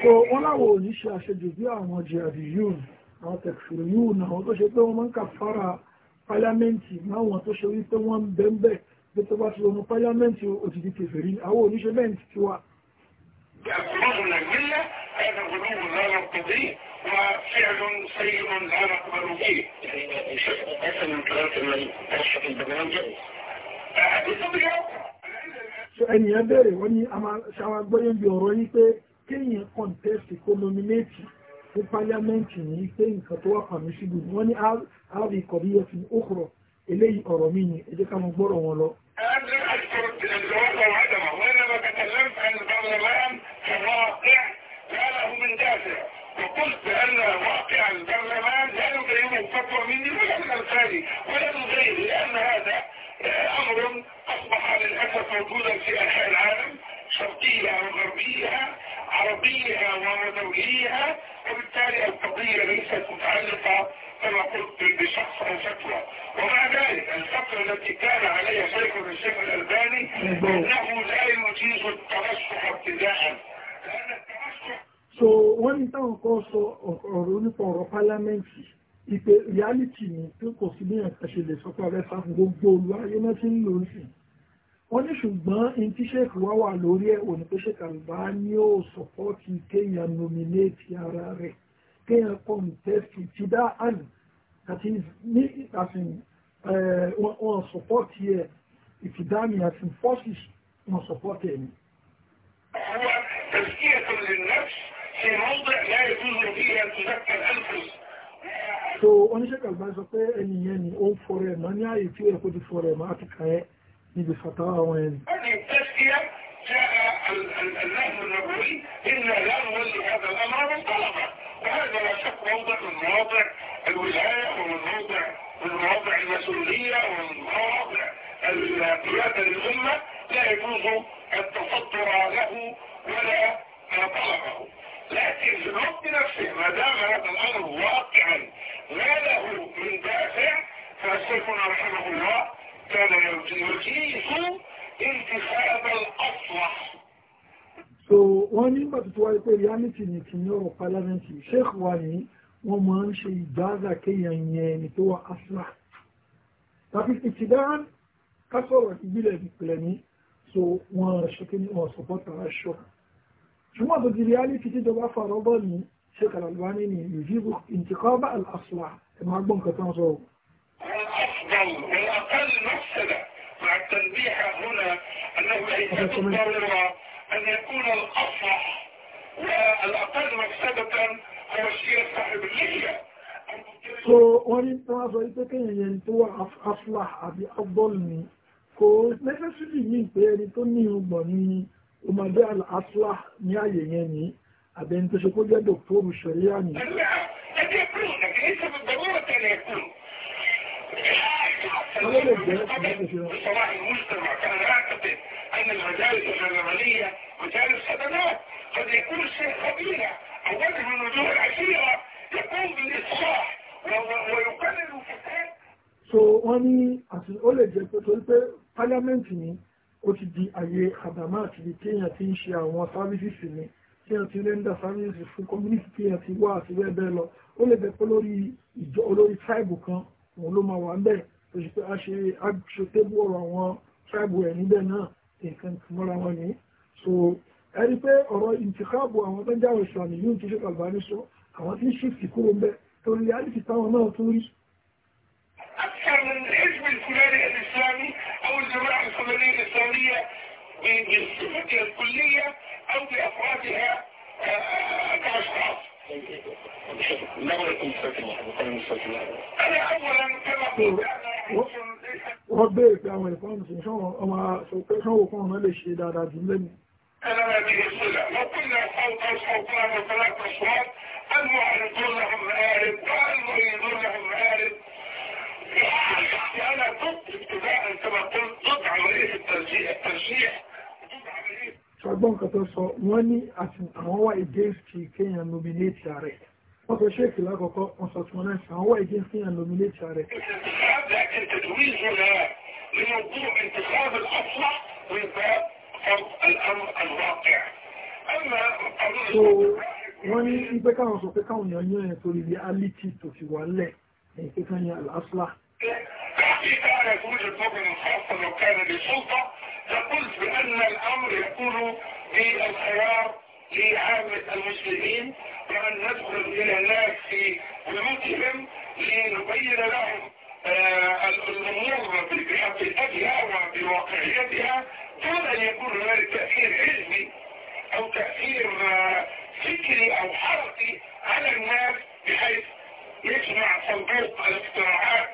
wọ́n láwọn oníṣẹ́ àṣejù bí àwọn jihadiyun àwọn tẹ̀kṣùrìyún àwọn tó ṣe pé wọ́n máa ń kàfàrà pálámẹ́ǹtì máwọn tó ṣe wípé wọ́n ń bẹ́ńbẹ́ pé tó bá ti wọnú pálámẹ́ǹtì òtítí kèfèrí àwọn oníṣẹ́ bẹ́ǹtì ti wà. وفعل سيء لا نقبل فيه حسن ثلاثة من أشهر البرنامج ẹni ẹ bẹ̀rẹ̀ wọ́n ní a máa ṣàwàgbọ́yé bí ọ̀rọ̀ yìí pé kéèyàn contest kó nominate ní pálíámẹ́ǹtì ní pé nǹkan tó wà pàmì síbù wọ́n ní àárí ìkọ̀bíyẹ̀ fún òkúrọ̀ eléyìí ọ̀rọ̀ mi ni ẹ jẹ́ ká mọ gbọ́rọ̀ wọn lọ. ان واقع البرلمان لا يغيره فتوى مني ولا من الخارج ولا من غيري لان هذا آه، امر اصبح للاسف موجودا في انحاء العالم شرقيها وغربيها عربيها ومدوليها وبالتالي القضية ليست متعلقة كما قلت بشخص أو فتوى ومع ذلك الفتوى التي كان عليها شيخ الشيخ الألباني نعم. أنه لا يجيز الترشح ابتداء so wọ́n ní táwọn kan sọ ọ̀rọ̀ nípa ọ̀rọ̀ pálámẹ́ǹtì ìpè reality ni pé kò sí bí ẹ̀ka ṣe lè sọ pé abẹ́ sáfù gbogbo olùwáyé náà ti ń lò sí wọ́n ní ṣùgbọ́n in tí ṣèkì wá wà lórí ẹ̀ òní pé ṣèkì àlùbá ní ó sọ̀pọ́tì kéèyàn nominate ara rẹ̀ kéèyàn contest ti dá àná àti ní ìtàsìn wọn sọ̀pọ́tì ẹ̀ ìfìdámi àti forces wọn sọ̀pọ́tì ẹ̀ ni. هو تزكية للنفس في موضع لا يجوز فيه أن تزكى الأنفس so oníṣẹ́kà bá sọ pé ẹnìyẹn ni ó fọ́rọ̀ ẹ̀mọ́ ní ààyè tí ẹ̀kọ́ ti fọ́rọ̀ ẹ̀mọ́ àti kààyẹ níbi fàtà àwọn ẹni. وهذا لا شك موضع من مواضع الولاية ومن موضع من مواضع المسؤولية ومن مواضع القيادة للأمة لا يجوز التصدر له ولا طلبه لكن في الوقت نفسه ما دام هذا الامر واقعا ما له من دافع فشيخنا رحمه الله كان يجيز انتخاب الاصلح so wọ́n ní bàtí tí wáyé pé reality ni kì ní ọ̀rọ̀ parliament sheikh wa ni wọ́n máa ń ṣe ìdáàdà kéèyàn yẹn ẹni tó wà asra tàbí ìtìdáhàn kásọ̀rọ̀ ìbílẹ̀ ìpìlẹ̀ ní so wọ́n ṣe kí ní wọ́n support our shop ثم بجريالي كتير دوا فرباني شيك الألباني يجيب انتقاب الأصلع ما أبون كتان صعب الأفضل الأقل مفسدة مع التنبيه هنا أنه ليس أن يكون الأصلح والأقل مفسدة هو الشيء صاحب اللحية ó máa jẹ́ àṣùwà ní àyè yẹn ní àbẹ̀ni tó ṣe kó jẹ́ dòktóru ṣẹ̀ríà ní. صلاح المجتمع كان يعتقد أن المجالس الجنرالية مجالس صدمات قد يكون الشيء خبيرة أو وجه من وجوه العشيرة يقوم بالإصلاح ويقلل الفساد. So wọ́n ní àti ó lè jẹ́ pé torí pé pálámẹ́ǹtì ni ó ti di ayé àdàmà àti ibi téèyàn ti ń ṣe àwọn sáfíìsì ni téèyàn ti rẹ́ńdà sáfíìsì fún community téèyàn ti wá àti bẹ́ẹ̀ bẹ́ẹ̀ lọ ó lè bẹ pé lórí ìjọ olórí tribe kan òun ló máa wà ń bẹ̀ tó ṣe pé a ṣe aṣetébù ọ̀rọ̀ àwọn tribe ẹ̀ níbẹ̀ náà nǹkan mọ́ra wọn ni so ẹni pé ọ̀rọ̀ ìtìkáàbù àwọn tó ń jáwé ìsàmì yóò ti ṣe kàlùbárí sọ àwọn tí ń ṣe ìsìnkú ń bẹ torí àdìsí táwọn náà tún rí. العملية الإسلامية بصفتها الكلية أو بأفرادها كأشخاص أنا أولا كما قلت wọ́n bèèrè pé àwọn ẹ̀fọ́n sí ṣọ́wọ́n ọmọ ṣọ́wọ́ fún ọmọ lè ṣe dáadáa jù lẹ́nu. أنا به الصلة وكنا فوق الصوت وثلاث أصوات المعرضون ṣọgbọ́n nǹkan tó sọ wọ́n ní àwọn wà against kéèyàn nominate ààrẹ wọ́n sọ ṣéèkì lákọ̀ọ́kọ́ wọ́n sọ tí wọ́n náà àwọn wà against kéèyàn nominate ààrẹ. لوجوه انتخاب الأصلح ويبقى الأمر الواقع wọ́n ní ipé káwọn sọ pé káwọn èèyàn yán ẹ̀ torí bí alìtì tó fi wà lẹ̀ ní pé káwọn yán alásùlá. فقلت بأن الأمر يكون بالخيار لعامة المسلمين وأن ندخل إلى الناس في بيوتهم لنبين لهم آه، الأمور بحقيقتها وبواقعيتها دون أن يكون هناك تأثير علمي أو تأثير آه، فكري أو حركي على الناس بحيث يجمع صندوق الاقتراعات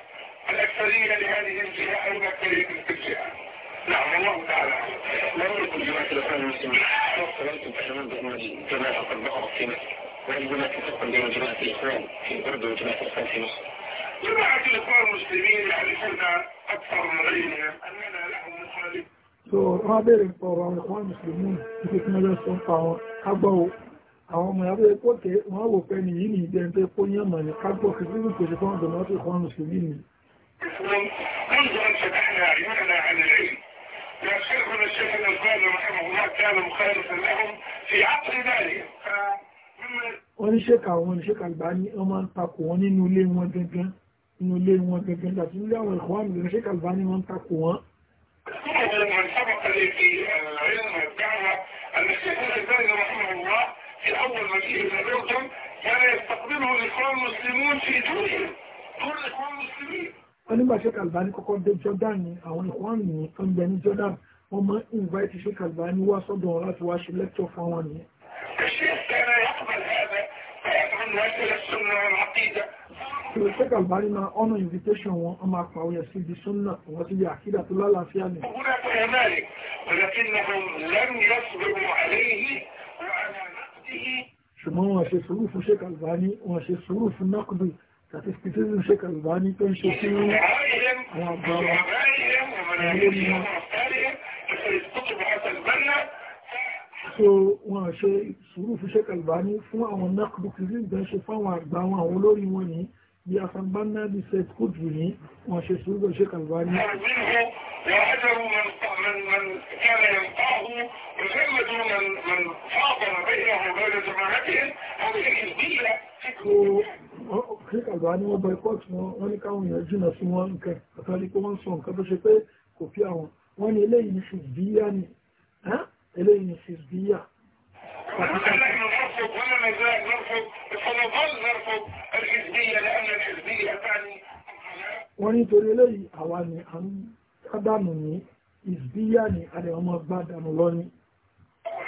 الأكثرية لهذه الجهة أو الأكثرية تلك الجهة نعم الله تعالى لم يكن جماعة الإسلام المسلمين وقت لم تتكلمون بأن كما تطبقت في مصر وهل هناك فرق بين جماعة الإخوان في الأردن وجماعة الإخوان في مصر؟ جماعة الإخوان المسلمين يعرفون أكثر من غيرهم أننا لهم مخالف so rábẹ̀rẹ̀ ń pọ̀rọ̀ àwọn ẹ̀kọ́ mùsùlùmí títí tí wọ́n lọ sọ pa àwọn agbọ́wò àwọn ọmọ ìyàbẹ̀ pọ̀ tẹ́ wọ́n wò pé nìyí ní ìjẹ́ pé kó yán mọ̀ ní kágbọ́ fi sí ìpò sí fún ọ̀dọ̀ mọ́tò ẹ̀kọ́ mùsùlùmí ni. فشيخنا الشيخ الألباني رحمه الله كان مخالفا لهم في عقل ذلك wọ́n ní ṣéka àwọn oníṣẹ́ka àgbà ní ọmọ ń takò wọn nínú ilé wọn gẹ́gẹ́ nínú ilé wọn gẹ́gẹ́ láti nílé àwọn ẹ̀kọ́ àmì lórí ṣéka àgbà ní wọ́n ń takò wọn. كان يستقبله الإخوان المسلمون في دونهم كل الإخوان المسلمين wọ́n nígbà Sheikh Albani kọ́kọ́ dé Jordan ni àwọn ìwọ́n ní oúnjẹ ní Jordan wọ́n máa ń invite Sheikh Albani wá sọ́dọ̀ wọn láti wá ṣe lecture fún wọn nìyẹn. Sheikh Albani máa ọ̀nà invitation wọn ọmọ àpàwọ̀ yẹn síbi súnà wọ́n ti yẹ àkídà tó lálàáfíà ni. ṣùgbọ́n wọ́n ṣe sùúrù fún Sheikh Albani wọ́n ṣe sùúrù fún nákùdù statisticism Sheikh Albani tó ń ṣe sí àwọn àgbàwà so wọn ṣe sùúrù fún Sheikh Albani fún àwọn náà kìí ń ṣe fáwọn àgbà àwọn olórí wọn ni bí asambanna bí Said Qudri ní wọn ṣe sùúrù fún Sheikh Albani وعذروا من من من كان يلقاه وجلدوا من من فاضل بينه وبين جماعته هذه الحزبيه àgbà ní wọ́n bọ ikọ́ tí wọ́n ní káwọn èèyàn jìnà sí wọn nǹkan àtàrí pé wọ́n sọ nǹkan tó ṣe pé kò fi àwọn wọ́n ní eléyìí ní ṣùgbíyà ni eléyìí ní ṣùgbíyà. wọ́n nítorí eléyìí àwa ni à ń kádànù ní ìṣbíyà ni a lè ọmọ gbádànù lọ ní.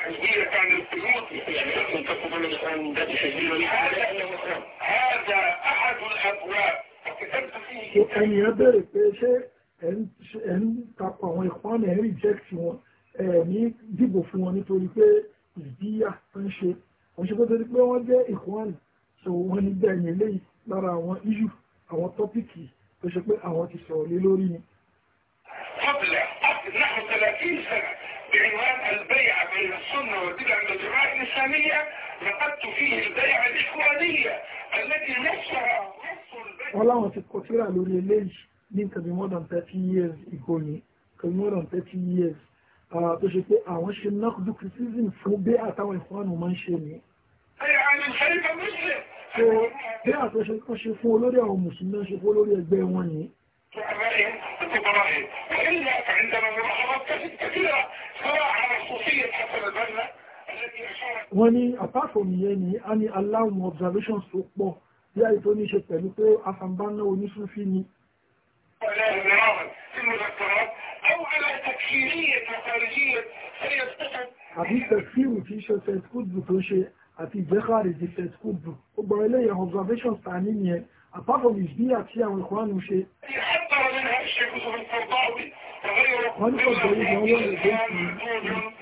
ìṣbíyà kan ní ìṣbíyà أن تقبل الآن باب التسجيل هذا أنه حرام هذا أحد الأبواب وكتبت فيه أن يبرك يا شيخ ẹni tapọ̀ àwọn ẹ̀kọ́ ní ẹ̀rí reject wọn ẹ̀ẹ̀ní dìbò fún wọn nítorí pé ìdíyà tó ń ṣe wọ́n ṣe kótó pé wọ́n jẹ́ ìkọ́n so wọ́n ní bẹ́ẹ̀ ní eléyìí lára àwọn iṣu àwọn tọ́pìkì tó ṣe pé àwọn ti sọ̀rọ̀ lé lórí ni. قبل نحو 30 سنة بعنوان البيع بين السنة والبدع المجمعية الإسلامية لقدت فيه البيعة الإخوانية التي نشر Ọláwọn ti kọ síra lórí eléyìí ní nǹkan bí more than thirty years ago ni nǹkan bí more than thirty years tó ṣe pé àwọn ṣe náà dúkìá season fún bí àtàwọn ìfọ́nù máa ń ṣe ni. So bí àtúnṣe kan ṣe fún olórí àwọn mùsùlùmí ṣe fún olórí ẹgbẹ́ wọn ni. wọ́n ní apart from ìyẹn ni a ní aláwọn observations tó pọ̀ bí àyè tó ní ṣe pẹ̀lú pé afambáná onísúfí ni. àbí tẹ̀síwù tí ṣe tẹ̀síkúdù tó ṣe àti ìjẹ́kàrí ti tẹ̀síkúdù ó gbọ́ eléyẹ̀ observations tà ní nìyẹn apart from ìsbí àti àwọn ìkọ́nù ṣe. wọ́n ní kò gbọ́ yìí wọ́n lè dé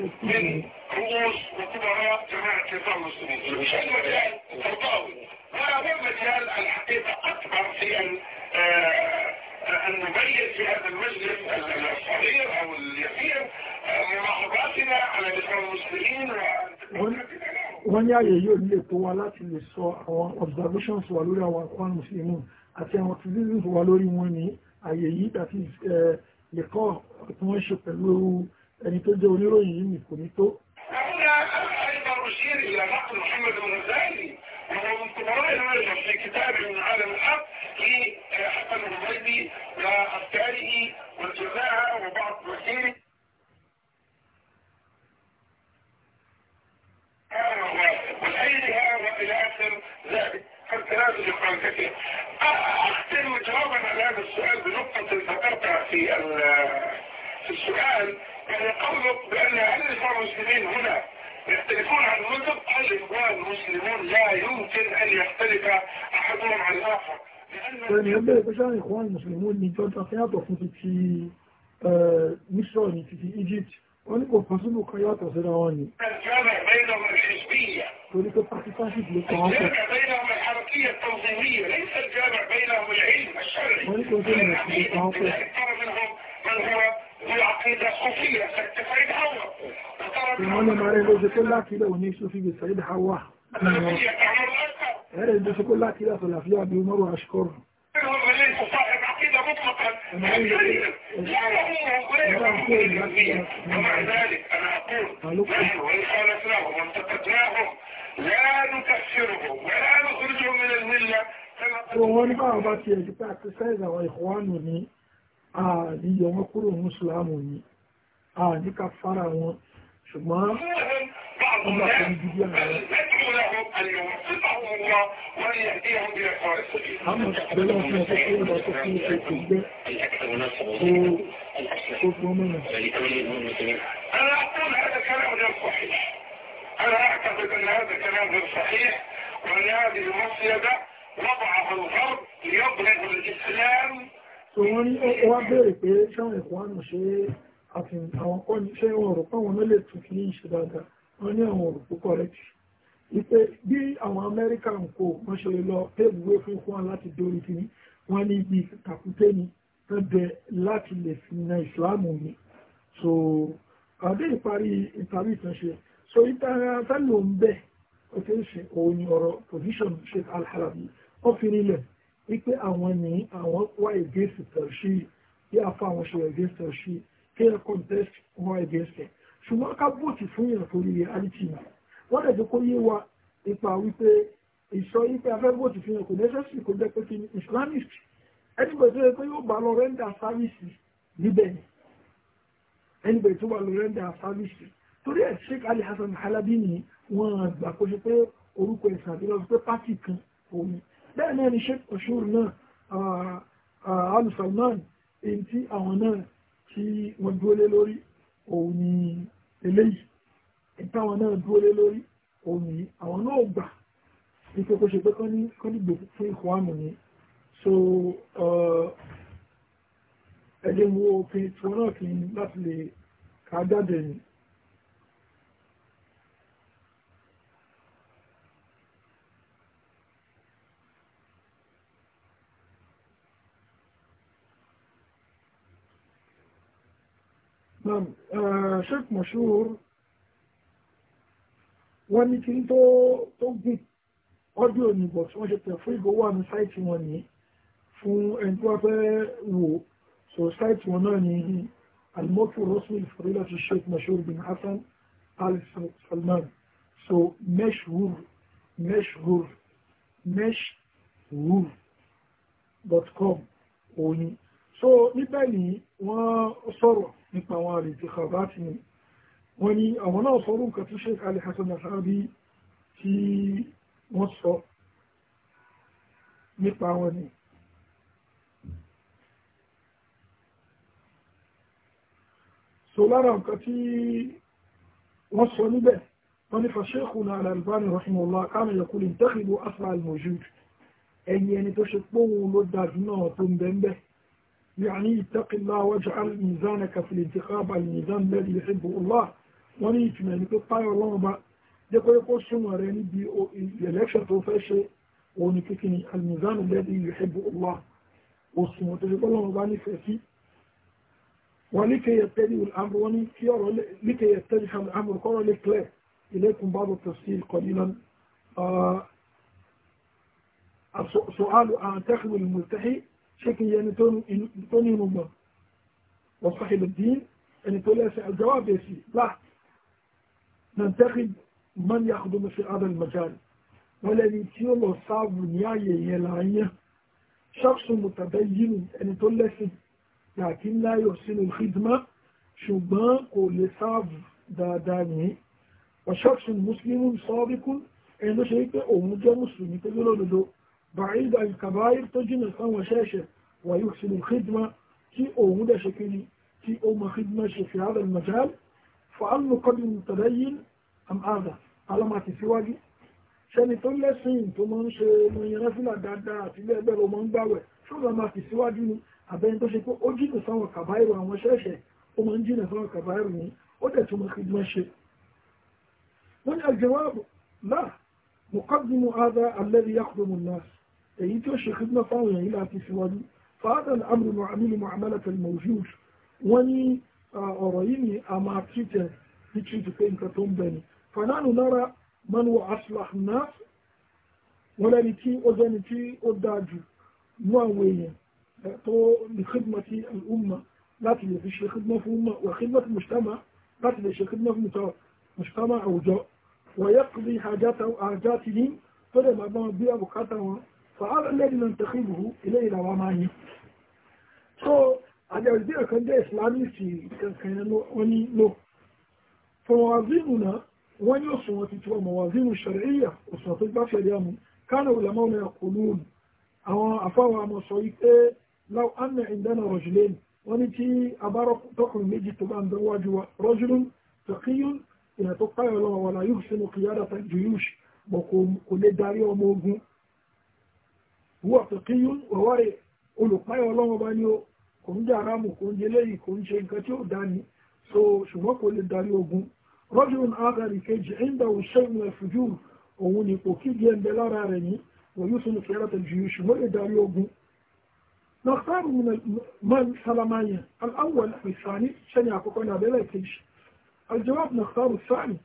sí tẹ̀síkúdù. كفار المسلمين مش علم الريال فرطاوي وعلم الريال الحقيقة أكبر في أن أن نبين في هذا المجلس الصغير أو اليسير ملاحظاتنا على نساء المسلمين wọ́n ní àyè yóò lè tó wa láti lè sọ àwọn observations wa lórí àwọn akọ́wọ́n mùsùlùmí àti àwọn criticisms wa lórí wọn ní àyè yìí àti ẹ̀kọ́ tí wọ́n ṣe pẹ̀lú ẹni tó jẹ́ oníròyìn yìí nìkò ní tó الكثير إلى نقل محمد الغزالي وهو من كبراء العلم في كتابه من عالم الحق في آه، حسن الغزالي وأفكاره والجزاء وبعض وسيله والأيدها وإلى آخر ذلك فالتنازل يقال كثير أختم جوابا على هذا السؤال بنقطة ذكرتها في آه، في السؤال يعني قولك بأن هل المسلمين هنا يختلفون عن المنطق الاخوان المسلمون لا يمكن ان يختلف احدهم عن الاخر لان طيب، الاخوان الاخوان المسلمون من جون تاخياتو في في آه، مصر في ايجيبت وانا كنت بحسب كياتو سراواني الجامع بينهم الحزبيه طيب، الجامع بينهم الحركيه التنظيميه ليس الجامع بينهم العلم الشرعي وانا كنت بحسب كياتو اكثر منهم من هو في العقيده الصوفيه كالتفريد اول wọ́n lè máa rẹ̀ ló ṣe pé lákìlẹ̀ òní sufi bí Said Hawa ẹ̀rẹ̀ ló ṣe pé lákìlẹ̀ àtọ̀làfíà bí Umaru Ashkoro لا نكفرهم ولا نخرجهم من المله wọ́n ní báwọn bá ti ẹ̀jú pé àtẹ́sẹ́ẹ̀dà àwọn ìkọ̀wánù ni àníyàn wọn kúrò mùsùlùmù ni àníkà fara wọn الناس ان الله وان الى الاكثر ṣùgbọ́n يعني أنا أقول هذا كلام غير صحيح أنا أعتقد أن هذا كلام غير صحيح وأن هذه المصيبة وضعها الغرب ليبلغ الإسلام. àti àwọn kọ́ ní ṣé wọn rò páwọn náà lè tún fi yín ṣe dáadáa wọn ní àwọn òrò púpọ̀ rẹ̀ jù ipe bí àwọn amẹ́ríkà ń kó wọ́n ṣe lọ pébùwé fún fún wọn láti dórí ti ní wọ́n ní ibi kàkúté ni wọ́n bẹ láti lè fi na ìsìláàmù ni so àdé ìparí ìtàrí ìtànṣe so ìtàlù ń bẹ ó ti ń ṣe òun ni ọ̀rọ̀ position Sheikh Al-Halabi ó fi rílẹ̀ wípé àwọn ní àwọn wá against tẹ̀sí bí afọ àwọn ṣe against tẹ̀sí kéèyàn contest wọn against ẹ̀ ṣùgbọ́n ká bóòtù fún yàn torí reality ni wọ́n dẹ̀ kó yé wa ipa wípé ìsọ yí pé afẹ́ bóòtù fún yàn kò necessary kó jẹ́ pé kí ni islamist anybody tó yẹ pé yóò bá lọ rẹ́ndà sáfíìsì níbẹ̀ ni anybody tó bá lọ rẹ́ndà sáfíìsì torí ẹ̀ Sheikh Ali Hasan Halabi ni wọ́n gbà kó ṣe pé orúkọ ẹ̀sìn àbí lọ́sọ pé pátì kan òun ah, ah, Al Salman èyí tí tí wọ́n dúró lé lórí òun ni eléyìí ìtàwọn náà dúró lé lórí òun ni àwọn náà gbà nípa kó ṣe pé kán ní kán dìgbò fún ìkọ́àmù ni so ẹ̀jẹ̀ wo òfin tí wọ́n náà kì í láti lè ká jáde ni. نعم eh, Sheikh مشهور wọ́n ní kí n tó gùn ọdún òyìnbó tí wọ́n ṣe pẹ̀ fún ìgbówó àmì sáìtì wọn ní fún ẹni tí wọ́n fẹ́ wò so sáìtì wọn náà ní almotu rosul fúrílẹ̀ ti Sheikh Mashur bin Hassan Al Salman so meshhur meshhur meshhur dot com òní so níbẹ̀ ni wọ́n sọ̀rọ̀ nípa àwọn àrètí kàbáàtì ni wọ́n ní àwọn náà sọ̀rọ̀ nǹkan tó ṣe kalẹ̀ hasan asabi tí wọ́n sọ nípa wọn ni. so lára nǹkan tí wọ́n sọ níbẹ̀ wọ́n ní fa sheikhuna al-Albani rahimahullah kana yaqulu intakhibu asla al-mawjud ẹ̀yìn ẹni tó ṣe pòun ló dájú náà tó ń bẹ́ẹ̀ bẹ́ẹ̀. يعني اتق الله واجعل ميزانك في الانتخاب الميزان الذي يحبه الله وني اجمالي بالطاية والله ما يقول يقول شنو راني بي او الالكشن توفاشي ونككني الميزان الذي يحبه الله وصمو تجيب الله مباني فاسي ولكي يتدي الامر وني كيارو لكي يتدي الامر كورا لك لا إليكم بعض التفسير قليلا آه سؤال عن تخدم الملتحي شكل يعني توني مبا وصاحب الدين أن يعني يقول لها سأل جواب لا ننتخب من يخدم في هذا المجال والذي تيولو صعب نياية يلعية شخص متدين أن يقول لها لكن لا يحسن الخدمة شو بانكو لصعب داني وشخص مسلم صادق أنه يعني شايفة أمجا مسلم يقول له بعيد عن الكبائر تجن الآن وشاشة ويحسن الخدمة في أمود شكلي في أم خدمة في هذا المجال فأنه قد متدين أم هذا على ما تسواجي sẹ́ni tó lẹ́sìn tó máa ń ṣe ìrìnrẹ́fìlà dáadáa àti ilé ẹgbẹ́ ló máa ń gbàwẹ̀ ṣọ́gbà máa fi síwájú ni àbẹ́ni tó ṣe pé ó jìnà sáwọn kàbáìrò àwọn ṣẹ́ẹ̀ṣẹ̀ ó máa ń jìnà sáwọn kàbáìrò yìí ó dẹ̀ tó máa fi ṣe. wọ́n ní àjẹwà náà mọ̀kọ́dúnmù ádá alẹ́rí yàkùnmù náà èyí tí ó ṣe kíkọ́ fáwọn èèyàn yìí láti síwájú fàádà amru mu'amili mu'amalat al-mawjud wọ́n ní ọ̀rọ̀ yìí ni a máa tìtẹ̀ ní tìtì pé nǹkan tó ń bẹ ni fanánù nára man wa aslah nas wọ́n lẹ́ni tí ó jẹ́ni tí ó dáa jù mú àwọn èèyàn tó ní khidmati al-umma láti lè fi ṣe khidma fún umma wà khidmati mujtama láti lè ṣe khidma fún mujtama àwùjọ wà yaqdi hajatihim tó dẹ̀ máa bá wọn bí àbùkátà wọn fàhálà lẹ́yìn ló ń tẹ̀kíbù ilé ìlàwà máa yìn so àjẹ́ òdí ọ̀kan jẹ́ ìsìlámìsì kankan wọn ní lò fọwọ́wàzínù náà wọ́n ní òsùn wọn ti tí wọ́n mọ̀wàzínù ṣẹ̀rẹ̀yà òsùn tó gbá ṣẹ̀rẹ̀ àmú kánà òlàmọ́ ní ọkùnrin àwọn afáwọn àmọ́ sọ wípé láwọn anna ìdáná rọ̀jùlẹ́nì wọ́n ní tí abárọ̀ tọkùnrin méjì tó bá ń bẹ́ wájú wa rọ́jùlùn tọ́kíyùn ìyàtọ̀ páyọ̀ lọ́wọ́ wọn la yóò sínú kìyàdà tàjú yóò ṣ wọ́n tọ̀kí yún wọ́wọ́rẹ̀ olùpáyọ̀ ọlọ́wọ́ bá ní o kò ń jẹ́ aráàmù kò ń jẹ́ lẹ́yìn kò ń ṣe nǹkan tí ó dání so ṣùgbọ́n kò lè darí ogun rọ́jùn ágàrí kejì ẹ̀ńdà òṣèlú ẹ̀fùjú òun ni kò kí díẹ̀ ń bẹ lára rẹ̀ ní wọ́n yóò sunu kẹ́rẹ́ tẹ̀ ju ṣùgbọ́n lè darí ogun نختار من من سلمانيا الأول والثاني شنو أكون بلا كيش الجواب نختار الثاني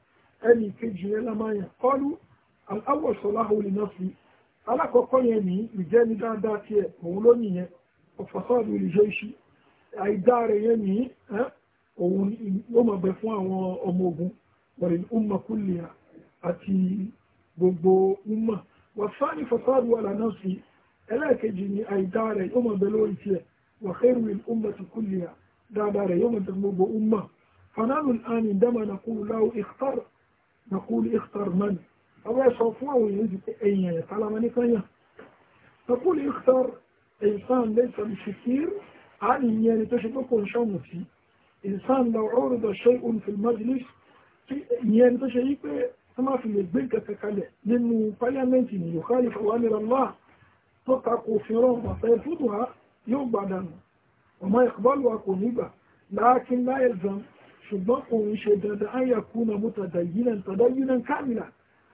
أني كيجي لمانيا قالوا الأول صلاحه لنفسي alákọ̀ọ́kọ́ yẹn ní ìjẹ́ ní dáadáa tiẹ̀ òun ló nìyẹn ọ̀fọ̀sọ́ọ̀dù olùṣẹ́ iṣu àìdá rẹ̀ yẹn ní òun ló mọ̀ bẹ fún àwọn ọmọ ogun wọ̀lẹ̀ umma kulliya àti gbogbo umma wà sáni fọ̀sọ́ọ̀dù wà lánàá sí ẹlẹ́ẹ̀kejì ní àìdá rẹ̀ yóò mọ̀ bẹ lórí tiẹ̀ wà khairu umma ti dáadáa rẹ̀ yóò mọ̀ bẹ gbogbo umma àwọn ẹ̀sọ́ fún àwọn èèyàn ju ẹ̀yìn ẹ̀yẹ tálámà ní kányà tọkùn lè tọ́ ìsàn lè sọ ìṣìkìr á nìyẹn ni tó ṣe pé kò ń ṣọ́mù sí ìsàn lọ ọ̀rọ̀ dọ̀ ṣe òun fi majlis ìyẹn ni tó ṣe yí pé wọ́n máa fi lè gbé kẹ̀kẹ́ kalẹ̀ nínú pálíámẹ́ǹtì ní yòókàlì fọwọ́nìrànlá tó ta kò fi rọrùn àfẹ́ fúdùn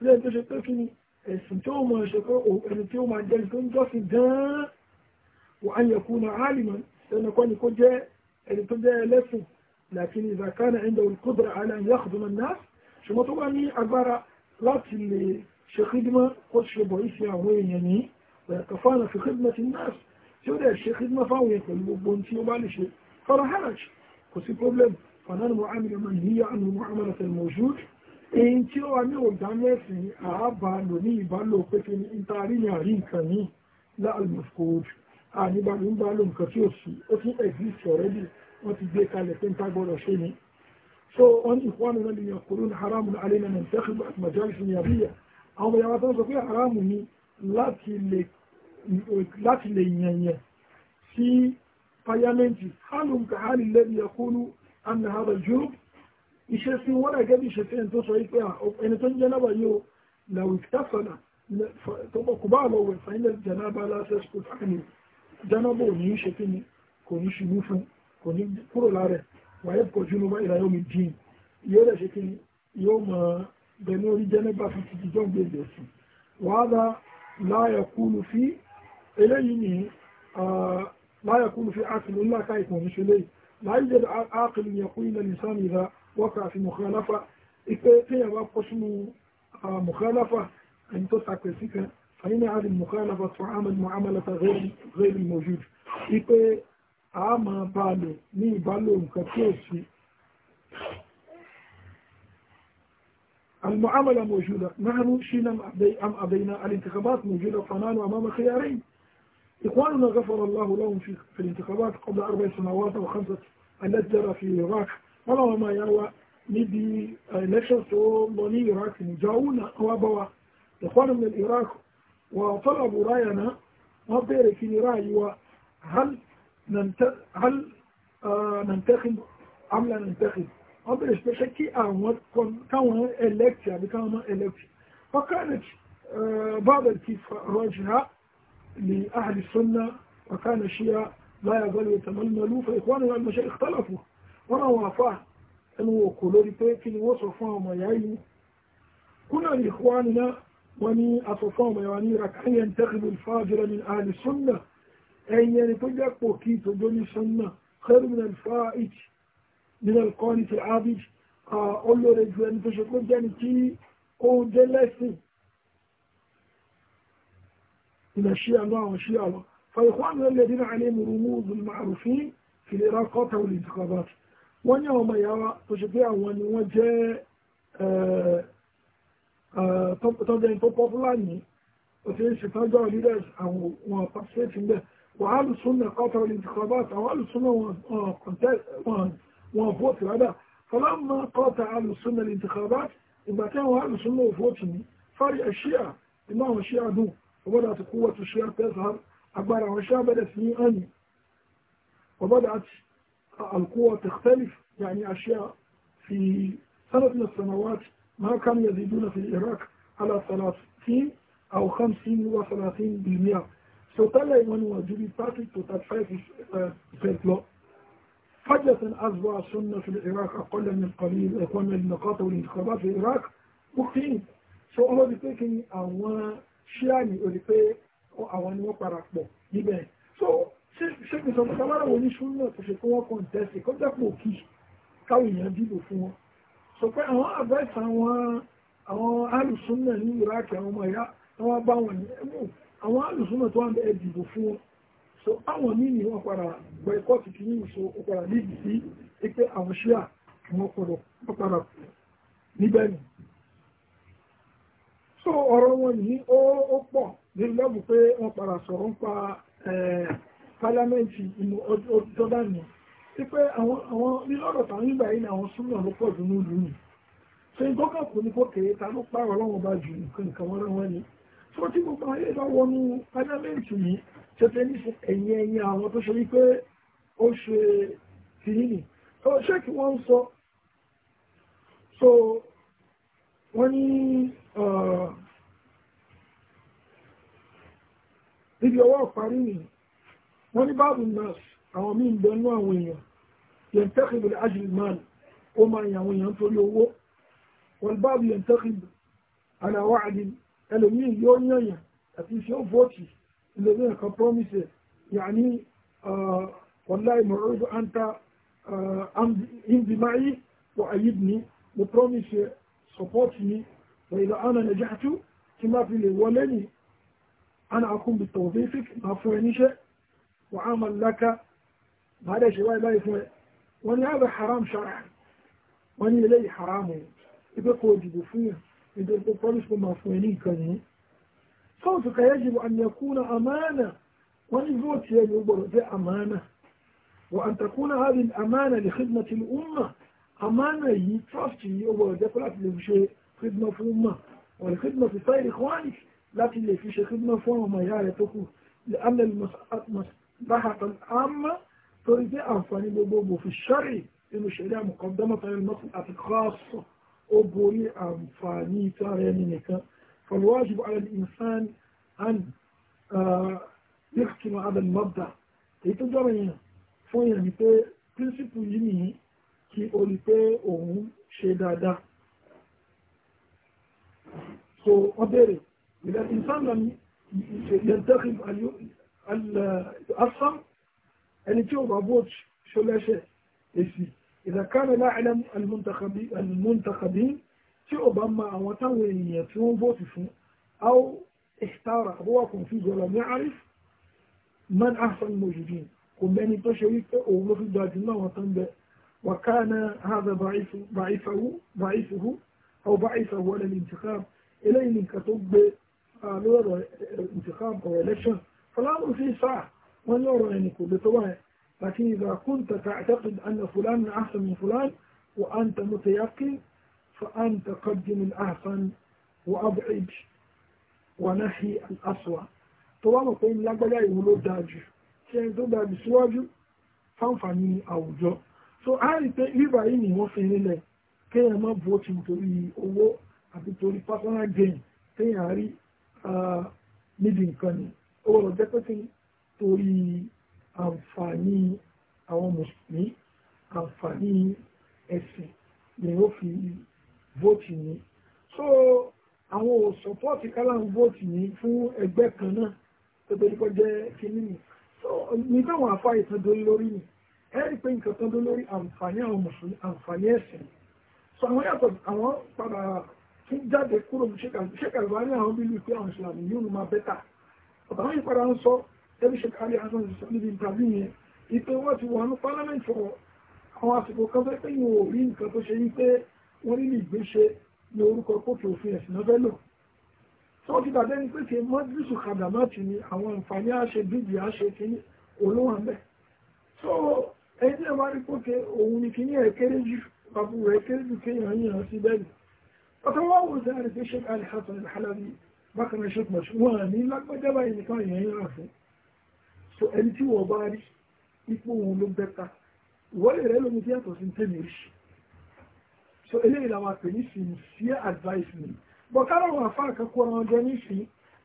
لا تجد تركني سنتوما شكوه عن ذلك كن وأن يكون عالما لأن كون كجاء لتبدا لسه لكن إذا كان عنده القدرة على أن يخدم الناس شو ما تقولني عبارة لا تلي شخدمة قد شو بعيس وين يعني ويتفانى في خدمة الناس شو ده شخدمة فاوية بنتي وبالش فلا حرج كسي بروبلم فنان معاملة من هي عن المعاملة الموجود èyí tí ó wà ní òdá mẹ́sìn àábà lò ní ìbálò pé kí ní ìtarí ní àrí nǹkan ní láàlùmọ̀síkòòdù àníbàlù ń bálò nǹkan tí ó sì ó ti exist already wọ́n ti gbé kalẹ̀ pé ń tá gbọ́dọ̀ ṣe ni so wọ́n ní ìfọ́nù náà lè yàkùrú haramu ní alẹ́ náà tẹ́kì majalis ní àríyà àwọn ọmọ yàrá tó ń sọ pé haramu ni láti lè yẹnyẹn sí payamenti hálùm kàhálì lẹ́bi yàkùrú àmì iṣẹ́ sí wọ́n rẹ̀ gẹ́bí ṣe fẹ́yìn tó sọ wípé ẹni tó ń jẹ́nàbà yóò làwì tásàlà tó bọ̀ kò bá lọ wẹ̀ fàyínlẹ̀ jẹ́nàbà lásẹ̀sì kò fẹ́ni jẹ́nàbà ò ní ṣe fi ni kò ní ṣubú fún kò ní kúrò lára wàyẹ̀ kò jùlọ bá ìlà yomi dín yóò rẹ̀ ṣe kí yóò mọ̀ bẹ̀ ní orí jẹ́nàbà fi ti jíjọ́ gbé bẹ̀ wàhálà láyà kúlù fi eléyìí ni láyà kúlù fi ákìlú ńlá وقع في مخالفة إذا وقش مخالفة أن تسعى فيك فإن هذه المخالفة تعامل معاملة غير غير الموجود إذا أما بالو مي بالو كتوشي المعاملة موجودة نحن شينم أم أبينا الانتخابات موجودة فنان أمام خيارين إخواننا غفر الله لهم في, في الانتخابات قبل أربع سنوات وخمسة التي جرى في العراق fọ́lọ́wọ́ máa yá wa níbi election tó lọ ní iraq nìjọ òun náà wá bá wa ìkọ́nù ní iraq wà tọ́lọ̀bù ráyà náà wọ́n béèrè kí ni ráàyè wa hal nantakhin amla nantakhin wọ́n béèrè sí pé ṣé kí àwọn káwọn elect àbí káwọn máa elect فكانت بعض التفراجها لأهل السنة وكان الشيعة لا يزال يتململوا فإخواننا المشايخ اختلفوا wọ́n náà wọ́n àfà ẹnu òkò lórí pé kí ni wọ́n sọ fún ọmọ ìyá yìí kúnà lè kó wá nínú wọn ní aṣọ fún ọmọ ìyá ní ràkáyẹn tẹ́kìlú ìfáàjọra ní àlè sọ́nà ẹ̀yìn ẹni tó jẹ́ pò kí ìtòjó ní sọ́nà kẹrù ní alfáàj nínú ẹ̀kọ́ ní ti abid olóore ju ẹni tó ṣe kó jẹ́ ni tí ó jẹ́ lẹ́sìn إلى الشيعة الله وشيعة الله فإخواننا الذين عليهم رموز المعروفين في العراق قاتلوا wọ́n ní àwọn ọmọ ìyá wa tó ṣe pé àwọn ni wọ́n jẹ́ tọ́jẹ́ tó pọ́pùlà ní òfin ìṣètọ́jọ́ leaders àwọn wọn participate ń bẹ̀ wọ́n alùsúnà ọ̀tọ̀ olùdíkọ̀ọ́bá àtàwọn alùsúnà wọn vote rádà fọlọ́mọ kọ́ta alùsúnà olùdíkọ̀ọ́bá ìgbà tí àwọn alùsúnà vote ní fárí ẹ̀ṣíà ìmọ̀ àwọn ṣíà dùn ọgbọ́dọ̀ àti kúwọ́tù ṣíà tẹ́sà agbára àwọn ṣíà bẹ̀rẹ̀ sí ọ̀nì ọgbọ́dọ̀ àti القوة تختلف يعني أشياء في سنة من السنوات ما كان يزيدون في العراق على 30 أو 50 و 30 بالمئة So Tala Iman was duly parted to that five uh, percent law. فجأة أزوى سنة في العراق أقل من قليل إخوان النقاط والانتخابات في العراق مخفين. So all of the taking àwọn ṣíà ní òdìpé àwọn ni wọ́n parapọ̀ níbẹ̀. So se o ṣé kì í sọ pé sábàrà wo ní ṣúná kò ṣe pé wọ́n kàn tẹ́sí kó dẹ́pọ̀ kí káwọn èèyàn a fún wọn sọ pé àwọn advice àwọn àwọn alùsùnà ní Iraq àwọn ọmọ ìyá àwọn bá wọn ní ẹmú àwọn do tó só a uma dìbò fún wọn so àwọn míì wọn padà boycott kì í so ó padà níbi sí pé àwọn ṣíà wọn padà níbẹ̀ nù só ọ̀rọ̀ wọn yìí ó pọ̀ bom lọ́bù pé wọ́n padà sọ̀rọ̀ ń pa ẹ̀ẹ́ pálámẹ́ǹtì inú jọ́dánì tí pé àwọn nílọ́rọ̀ táwọn ìgbà yìí ni àwọn súnmọ̀ ló pọ̀ jù nílùú yìí ṣe ń gọ́kàn kò ní kó kéré ta ló pààrọ̀ ọlọ́run bá jù nǹkan nǹkan wọn wọn ni tó tí gbogbo ayé bá wọnú pálámẹ́ǹtì yìí ṣe tẹ ní ẹ̀yìn ẹ̀yìn àwọn tó ṣe wípé ó ṣe tìrìnì tó ṣé kí wọ́n ń sọ so wọ́n ní uh, níbi ọwọ́ parí nìyí wọ́n ní báàbù náà àwọn míì ń bẹnú àwọn èèyàn yẹntẹ́kìbù ajílmán ó máa yàn àwọn èèyàn torí owó wọ́n báàbù yẹntẹ́kìbù aláwọ̀ àdín ẹlòmíì yóò yànyàn àti iṣẹ́ òfòtì ìlòmíì kan promise yàní wallahi mọ̀rọ̀dù àǹtà ìndìmáyì wọ àyíd ni mo promise support ni wọ ìlà ànà nàìjíríà tí má fi lè wọlé ni àná akúmbi tọ̀wé fíkì fún ẹ níṣẹ́ وعمل لك معلش شيء لا يسمى وأن هذا حرام شرعا وأن لي حرام يبقى وجد فيه إذا الطالب مفهومين كني صوتك يجب أن يكون أمانة وأن زوجك يجب أمانة وأن تكون هذه الأمانة لخدمة الأمة أمانة هي تراست هي ودخلت لشيء خدمة في الأمة والخدمة في سائر إخوانك لكن في شيء خدمة فهم يا يعرفه لأن المسألة bahatan amma torí pé àǹfààní gbogbogbò fi ṣọ́rì nínú ṣẹ̀rí àmọ̀kọ́dọ́mọ́ta ẹni mọ́tò àti kọ́ọ̀sọ̀ ó borí àǹfààní ìtara ẹni nìkan فالواجب على الإنسان أن يختم هذا المبدأ ìtọ́jọ́ rẹ̀ yẹn fún yẹn ni pé píríncípù yìí nìyí kí o lè pé òun ṣe dáadáa so wọ́n bèèrè ìlẹ̀ ìsánlẹ̀ yẹn tẹ́kì الأصغر أن تشوف أبوتش شو لا شيء إسي إذا كان نعلم المنتخبين المنتخبين تشوف أما أوتاوي يتشوف بوتشون أو اختار أبوكم في ولم يعرف من أحسن الموجودين قم تشويك أولو في داجنا وطنب وكان هذا ضعيف ضعيفه ضعيفه أو ضعيفه ولا الانتخاب إلى أن كتب آه، الانتخاب أو شيء فلان في ساعة والنور يعني كل طواه لكن إذا كنت تعتقد أن فلان أحسن من فلان وأنت متيقن فأنت قدم الأحسن وأبعد ونهي الأسوأ طوال قيم لا بلا يولو داجو كان تو داجو سواجو فانفاني أوجو so a rí pé rírà yìí ni wọ́n fi nílẹ̀ kéèyàn má bọ́ ti nítorí owó àti torí personal gain kéèyàn rí níbi ó gbọ́dọ̀ jẹ́ pé kí torí àǹfààní àwọn mùsùlùmí àǹfààní ẹ̀sìn ni ó fi vóòtì ní so àwọn ò sọpọ́ọ̀tì kálá ń vóòtì ní fún ẹgbẹ́ kan náà tó torí kọ́ jẹ́ kínní ni so ní táwọn afá ìtàn dó lórí ni ẹ rí i pé nǹkan tán dó lórí àǹfààní àwọn mùsùlùmí àǹfààní ẹ̀sìn so àwọn yàtọ̀ àwọn padà tún jáde kúrò ṣékàlùbárí àwọn bílù pé àwọn ìsìlámù yóò máa bàbá yìí padà ń sọ ẹbí ṣe káàlì àwọn òṣìṣẹ́ níbi ìtàbí yẹn ìpé wọ́n ti wọnú parliament fọ àwọn àsìkò kan fẹ́ pé yìí ò rí nǹkan tó ṣe wípé wọ́n nílò ìgbéṣe ní orúkọ kóòtù òfin ẹ̀sìn náà fẹ́ lò tó ti dàbẹ́ ni pé kí mọ́dúsù kàdàmáàtì ni àwọn àǹfààní àṣẹ bíbí àṣẹ kìíní olóhàn bẹ́ẹ̀ so ẹni tí ẹ bá rí pókè òun ni kìíní ẹ̀ kéré jù babu rẹ̀ kéré jù kéèyàn yìnyín sí bẹ́ẹ̀ ni ọ̀tọ̀ wọ́n wò sí àrègbè ṣe bákanáà ṣọ́pọ̀ wọ́n ní lágbẹ́jẹ́bà ìnìkan èèyàn yìí rà fún so ẹni tí wọ́n bá rí ipò òun ló bẹ́ta ìwọ́lè rẹ̀ lómi tí yàtọ̀ sí tẹ́lẹ̀ rí so eléyìí làwọn àpè ní sincere advice ni bọ̀ kára wọn àfa àkàkọ́ ara wọn jọ ní sí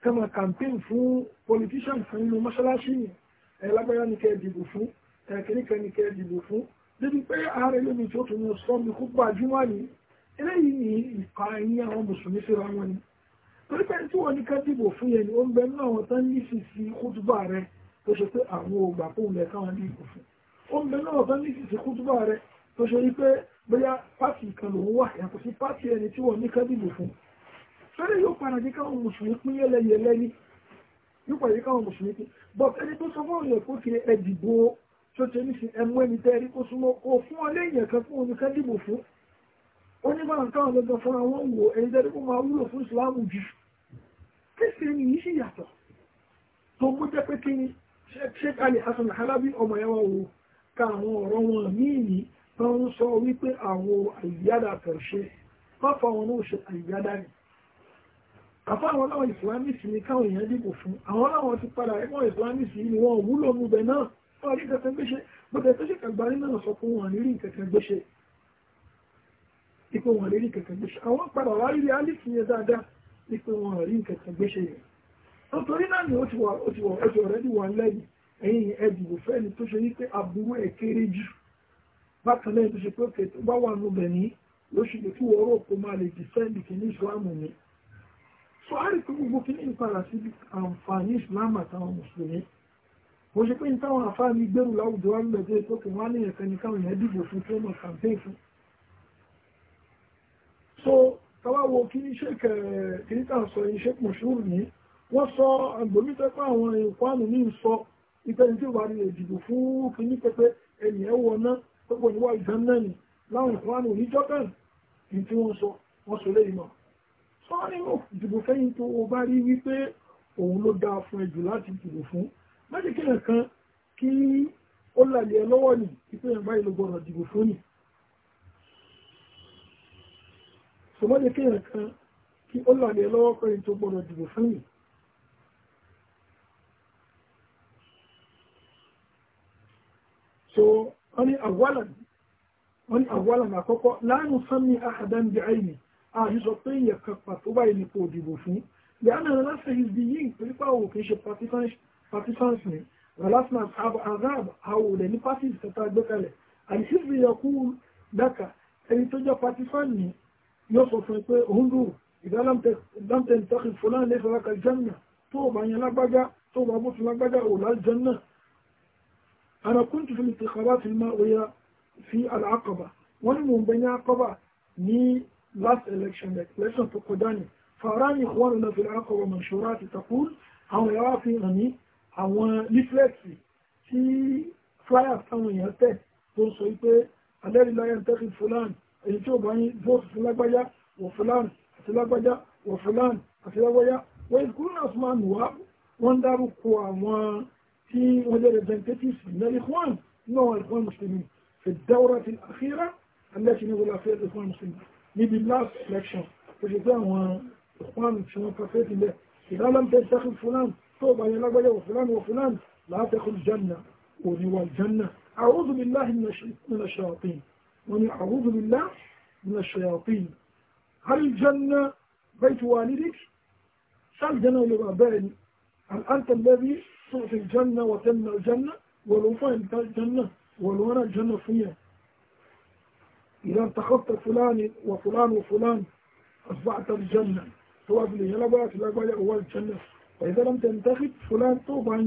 kama campaign fún politician kan nínú mọ́ṣáláṣí ni ẹ lágbára ní kẹ́ dìbò fún ẹ kìnnìkan ní kẹ́ dìbò fún débi pé ààrẹ lómi tí ó tún yọ sọ́ọ̀mù kó gbajúmọ̀ ni eléyìí ni ìkà torí pé tí wọ́n ní ká dìbò fún yẹn ni ó ń bẹ nínú àwọn tán nífi sí kútùbà rẹ tó ṣe pé àwọn ògbà kó ń lẹ káwọn dìbò fún ó ń bẹ náà tán nífi sí kútùbà rẹ tó ṣe wípé bóyá pàtì kan lòún wà yàtọ̀ sí pàtì ẹni tí wọ́n ní ká dìbò fún fẹ́rẹ̀ yóò padà jẹ́ káwọn mùsùlùmí pín yẹ́lẹ́yẹlẹ́ ní yóò padà jẹ́ káwọn mùsùlùmí pín but ẹni tó sọ fún òyìnbó kí ẹ dìbò tó ṣe ní sí ẹmú ẹni tẹ́rí kó súnmọ́ kó fún ọlé èèyàn kan fún oníká dìbò fún ó ní bá nǹkan lọ́gbọ̀n fún àwọn òwò ẹni tẹ́rí kó máa wúlò fún ìsìláàmù jù kírísítẹ́nì yìí sì yàtọ̀ tó mú jẹ́ pé kí ni ṣé kalẹ̀ hasan halabi ọmọ ẹ̀ wá wo ka àwọn ọ̀rọ̀ wọn míì ní tó ń sọ wípé àwọn àyíyádà kẹ̀ṣẹ́ pápá wọn náà ṣe àyíyádà ni àfa àwọn láwọn islamist ni káwọn èèyàn dìbò fún àwọn láwọn ti padà ẹgbọn islamist yìí ni wọn ò wúlò mú bẹ náà wọn rí kẹkẹ gbéṣe bọtẹ tó ṣe kàgbárí náà sọ pé wọn rí kẹkẹ gbéṣe ipò wọn rí kẹkẹ gbéṣe àwọn padà wá rí alif dáadáa wípé wọn rí nǹkan gbéṣe yẹn nítorí náà ni ó ti wà ó ti wà ó ti ọ̀rẹ́dì wà lẹ́yìn ẹ̀yìn ẹ̀dìbò fẹ́ni tó ṣe wípé aburú ẹ̀ kéré jù bákan lẹ́yìn tó ṣe pé òkè tó bá wà nù bẹ̀ ní lóṣù tó kí wọ́n rò kó máa lè dìfẹ́ǹdì kìíní ìsìláàmù ni so a rí pé gbogbo kìíní ìpadà sí àǹfààní ìsìláàmù àtàwọn mùsùlùmí mo ṣe pé ní táwọn àfáàní gbèrú láwùjọ wa nígbà tó yẹ pé wọn á ní ẹ̀fẹ́ ní káwọn èèyàn dìbò fún tí wọ́n mọ̀ kàǹpé fún so káwáwo kí ṣèkẹ̀ eh, kìrìtà sọ iṣẹ́ mọ̀ṣúrù ní wọ́n sọ àgbòmítẹ́pá àwọn ìkwánù ní sọ ìpẹ́ni tí wà ní ìdìbò fún kìíní pẹpẹ ẹni ẹwọ náà gbogbo níwá ìgbọ́n náà ni láwọn ìkwánù ní jọ́kàn ní tí wọ́n sọ wọ́n sọ lẹ́yìn náà sọ nínú ìdìbò fẹ́yìn tó o bá rí wípé òun ló dáa fún ẹjù láti dìbò fún mẹ́jìkìlẹ̀ kan kí ó lálẹ́ lọ́wọ́ ní ìpẹ́yìn báyìí ló gbọ́dọ̀ dìbò fún yìí ṣùgbọ́n ní kéèyàn kan kí ó là ní ẹlọ́wọ́ pẹ̀lú tó gbọ́dọ̀ dìbò fún yìí so wọ́n ní àwọ̀làn wọ́n ní àwọ̀làn àkọ́kọ́ láàánú sánmi àhàdán bí àìní àti sọ pé ìyẹn kan pàtó báyìí ní kò dìbò fún bí a nana yìí pé nípa kì í ṣe partisans ni rọlásìmọ̀ azab àwọn olè ní pátì ìsẹ̀tà gbẹ́kalẹ̀ àìsí fi yẹ ẹni tó jẹ́ partisan ni yóò sọ fún pé hundu ìdálàmtẹ̀ tọ́kì fúlán lè fẹ́ rákà jẹ́nà tó bá yẹn lágbájá tó bá mú fi lágbájá ò lá jẹ́nà ana kuntu fi ìtìkàbá fi máa oya fi al'aqaba wọ́n ní mò ń bẹ ní ní last election election tó kọjá ni fara ní ìkọ́wọ́n náà fi al'aqaba manshura ti takul àwọn yàrá fi hàn ní àwọn leaflets tí flyers táwọn èèyàn tẹ̀ tó sọ pé alẹ́rìí láyé tẹ́kì fúlán èyí tí ó bọ̀ yín vóòtù fún lágbájá wọ̀ fúlàní àti lágbájá wọ̀ fúlàní àti lágbájá wọ́n ìkúrú náà fún àmì wá wọ́n dárúkọ tí wọ́n jẹ́ representatives lẹ́yìn Ikhwan náà Ikhwan Muslimin في الدورة الأخيرة التي نزل فيها الإخوان المسلمين نبي last election فجدان وإخوان شنو كفيت إذا لم تنتخب فلان طوبى يلقى وفلان وفلان لا تدخل الجنة ونوى أعوذ بالله من الشياطين ومن أعوذ بالله من الشياطين هل الجنة بيت والدك سأل جنة لبابين هل أنت الذي تعطي الجنة وتمنع الجنة ولو فهمت الجنة ولو أنا الجنة فيها إذا انتخبت فلان وفلان وفلان أصبحت الجنة توقف لي هل بقى لا بقى أول الجنة وإذا لم تنتخب فلان طبعا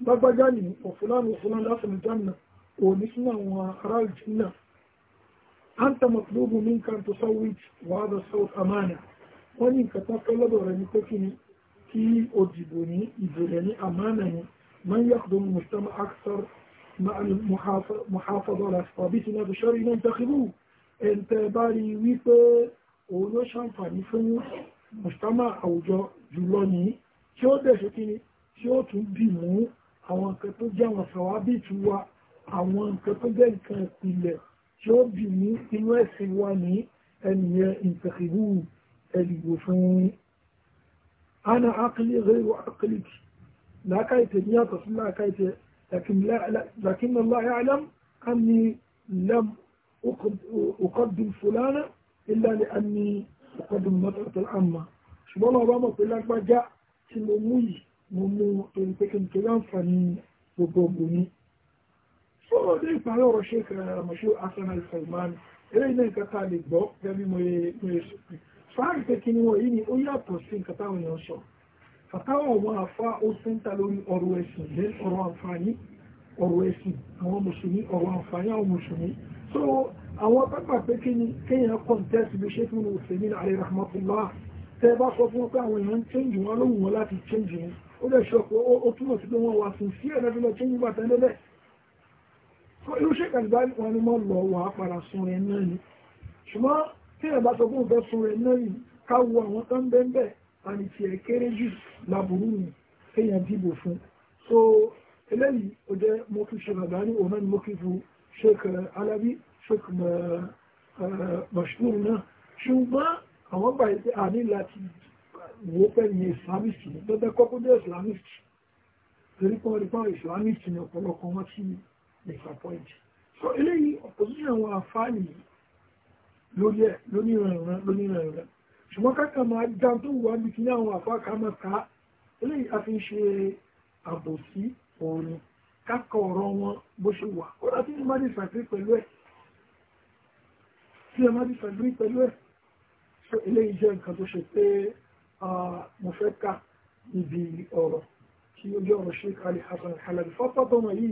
بابا جاني وفلان وفلان أصل الجنة ونسمع وأرى الجنة أنت مطلوب منك أن تصوت وهذا الصوت أمانة wọ́n ní nǹkan tán fẹ́ lọ́dọ̀ rẹ̀ ní pé kí ni kí o dìbò ní ìbò rẹ̀ ní àmánà ni máa ń yàtọ̀ mú mùsùlùmí aksar muhafaza rafa bí tinubu bí sọ́rí náà tẹ́kìlú ẹ̀ǹtẹ̀ bá rí wípé òun ló ṣàǹfààní fún mùsùlùmí àwùjọ jùlọ ní tí ó dẹ̀ ṣe kí ni tí ó tún bì mú àwọn nǹkan tó jẹ́ àwọn sọ̀wábìtì wa àwọn nǹkan tó jẹ́ nǹkan ìpìlẹ̀ جورج مي إنواس الواني أن ينتخبوا الوفون أنا عقلي غير عقلك لا كايت لا كايت لكن لا, لا لكن الله يعلم أني لم أقدم فلانا إلا لأني أقدم مطرة العامة شو الله بابا في لك جاء تلومي مو مو تلومي تلومي تلومي sọ̀rọ̀ ní ìparí ọ̀rọ̀ ṣe kẹrẹ mọ̀ṣú arsenal salman eléyìí náà nǹkan tá a lè gbọ́ gẹ́bí mo yẹ sọ́kì fáàrí pé kíní wọ̀n yìí ni ó yàtọ̀ sí nǹkan táwọn èèyàn sọ fàtàwọn ọmọ àfa ó sẹ́ńtà lórí ọ̀rọ̀ ẹ̀sìn lé ọ̀rọ̀ àǹfààní ọ̀rọ̀ ẹ̀sìn àwọn mùsùlùmí ọ̀rọ̀ àǹfààní àwọn mùsùlùmí so àwọn pápá pé kíni kéèyàn kọ́ńtẹ́sì bí ṣé fún òsèmí àlè rahmatullah irú ṣe kàgbá wọn ni mo lọ wà á padà sun rẹ náà ni ṣùgbọ́n tí ìyàbá sọ fún ìfẹ́ sun rẹ náà yìí ká wo àwọn tó ń bẹ́ ń bẹ̀ àni jù láburú ni kéèyàn dìbò fún so eléyìí ó jẹ́ mo fi ṣe kàgbá ní òun náà ni mo fi fún Sheikh Alabi Sheikh Bashir eh, eh, náà ṣùgbọ́n àwọn bá ìpé àní láti wo pẹ̀lú islamist ní lọ́dẹ́kọ́kọ́ jẹ́ islamist torí pọ́n rí pọ́n islamist ní ọ̀pọ̀lọpọ̀ wọn sí ni disappoint so eléyìí opposition àwọn àfáàní lórí ẹ̀ lónìrànràn lónìrànràn ṣùgbọ́n káka máa dá tó wà bí kí ní àwọn àfáà ká máa ká eléyìí a fi ń ṣe àbòsí òòrùn káka ọ̀rọ̀ wọn bó ṣe wà ó dá tí ẹ má pẹ̀lú ẹ̀ tí ẹ má pẹ̀lú ẹ̀ so eléyìí jẹ́ nǹkan tó ṣe pé mo fẹ́ ká níbi ọ̀rọ̀ tí ó jẹ́ ọ̀rọ̀ Sheikh Ali Hasan Halabi fọ́pọ́ tó wọ̀nyí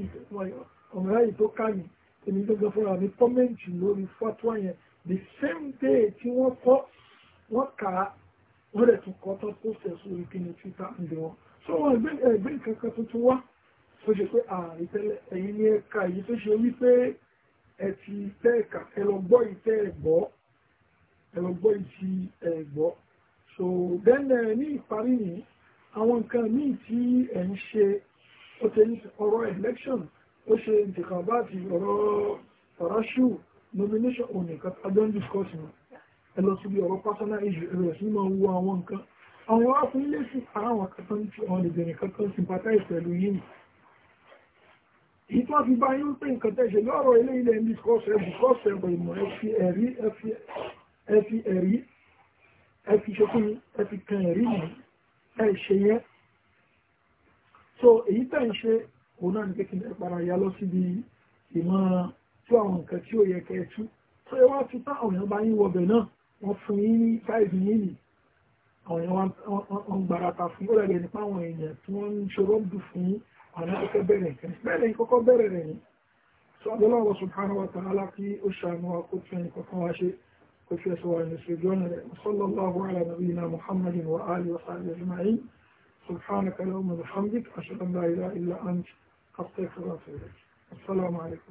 ọ̀rọ̀ yìí tó ká ní èmi gbọ́dọ̀ fúnra mi kọ́mẹ́ǹtì lórí fatuwa yẹn the same day tí wọ́n kọ́ wọ́n kà á wọ́n rẹ̀ tún kọ́ tán pósẹ̀ sórí kíni twitter ń bẹ̀ wọ́n so wọ́n ẹgbẹ́ ìkankan tuntun wá tó ṣe pé ààrẹ tẹ́lẹ̀ ẹ̀yin ní ẹ̀ka èyí tó ṣe wípé ẹ ti tẹ́ ẹ̀ka ẹ lọ gbọ́ ìtẹ́ ẹ̀gbọ́ ẹ lọ gbọ́ ìtì ẹ̀gbọ́ so then ní ìparí yìí àwọn nǹkan míì tí ẹ̀ ń ṣe ó tẹ̀lé ọ̀rọ̀ election ó ṣe ìtìkàbáàtì ọ̀rọ̀ farashu nomination òní kan adó ń discuss wọn ẹ lọ síbi ọ̀rọ̀ personal issue ẹ bẹ̀rẹ̀ sí máa wo àwọn nǹkan àwọn afúnilẹ́sì àwọn kankan tí àwọn ìbẹ̀rẹ̀ kankan sympathize pẹ̀lú yìí ìtọ́ ti bá yín pé nǹkan tẹ́ ṣe lọ́rọ̀ ilé ilẹ̀ ń discuss ẹ discuss ẹ bọ̀ ìmọ̀ ẹ fi ẹ̀rí ẹ fi ẹ̀rí ẹ fi ṣe fún mi ẹ fi kan ẹ̀rí mi ẹ ṣe yẹn so èyí tẹ̀ ń ṣe òun náà ní kékeré para ya lọ síbi ìmọ̀ tú àwọn nǹkan tí ó yẹ kẹ́ ẹ tú tó yẹ wá tú tá àwọn èèyàn bá yín wọbẹ̀ náà wọ́n fún yín ní fáìlì yín nì àwọn èèyàn wọn gbarata fún ó rẹ̀ nípa àwọn èèyàn tí wọ́n ń ṣòro dù fún àwọn akẹ́kẹ́ bẹ̀rẹ̀ nǹkan bẹ́ẹ̀ lẹ́yìn kọ́kọ́ bẹ̀rẹ̀ rẹ̀ ni sọ abẹ́lọ́wọ́ subhanahu wa ta'ala kí ó ṣàánú akótó ẹnì kọ̀ọ̀kan wá ṣe وفي سواء يسجدون وصلى الله على نبينا محمد وآله وصحبه أجمعين سبحانك اللهم وبحمدك أشهد أن لا إله أستغفر الله السلام عليكم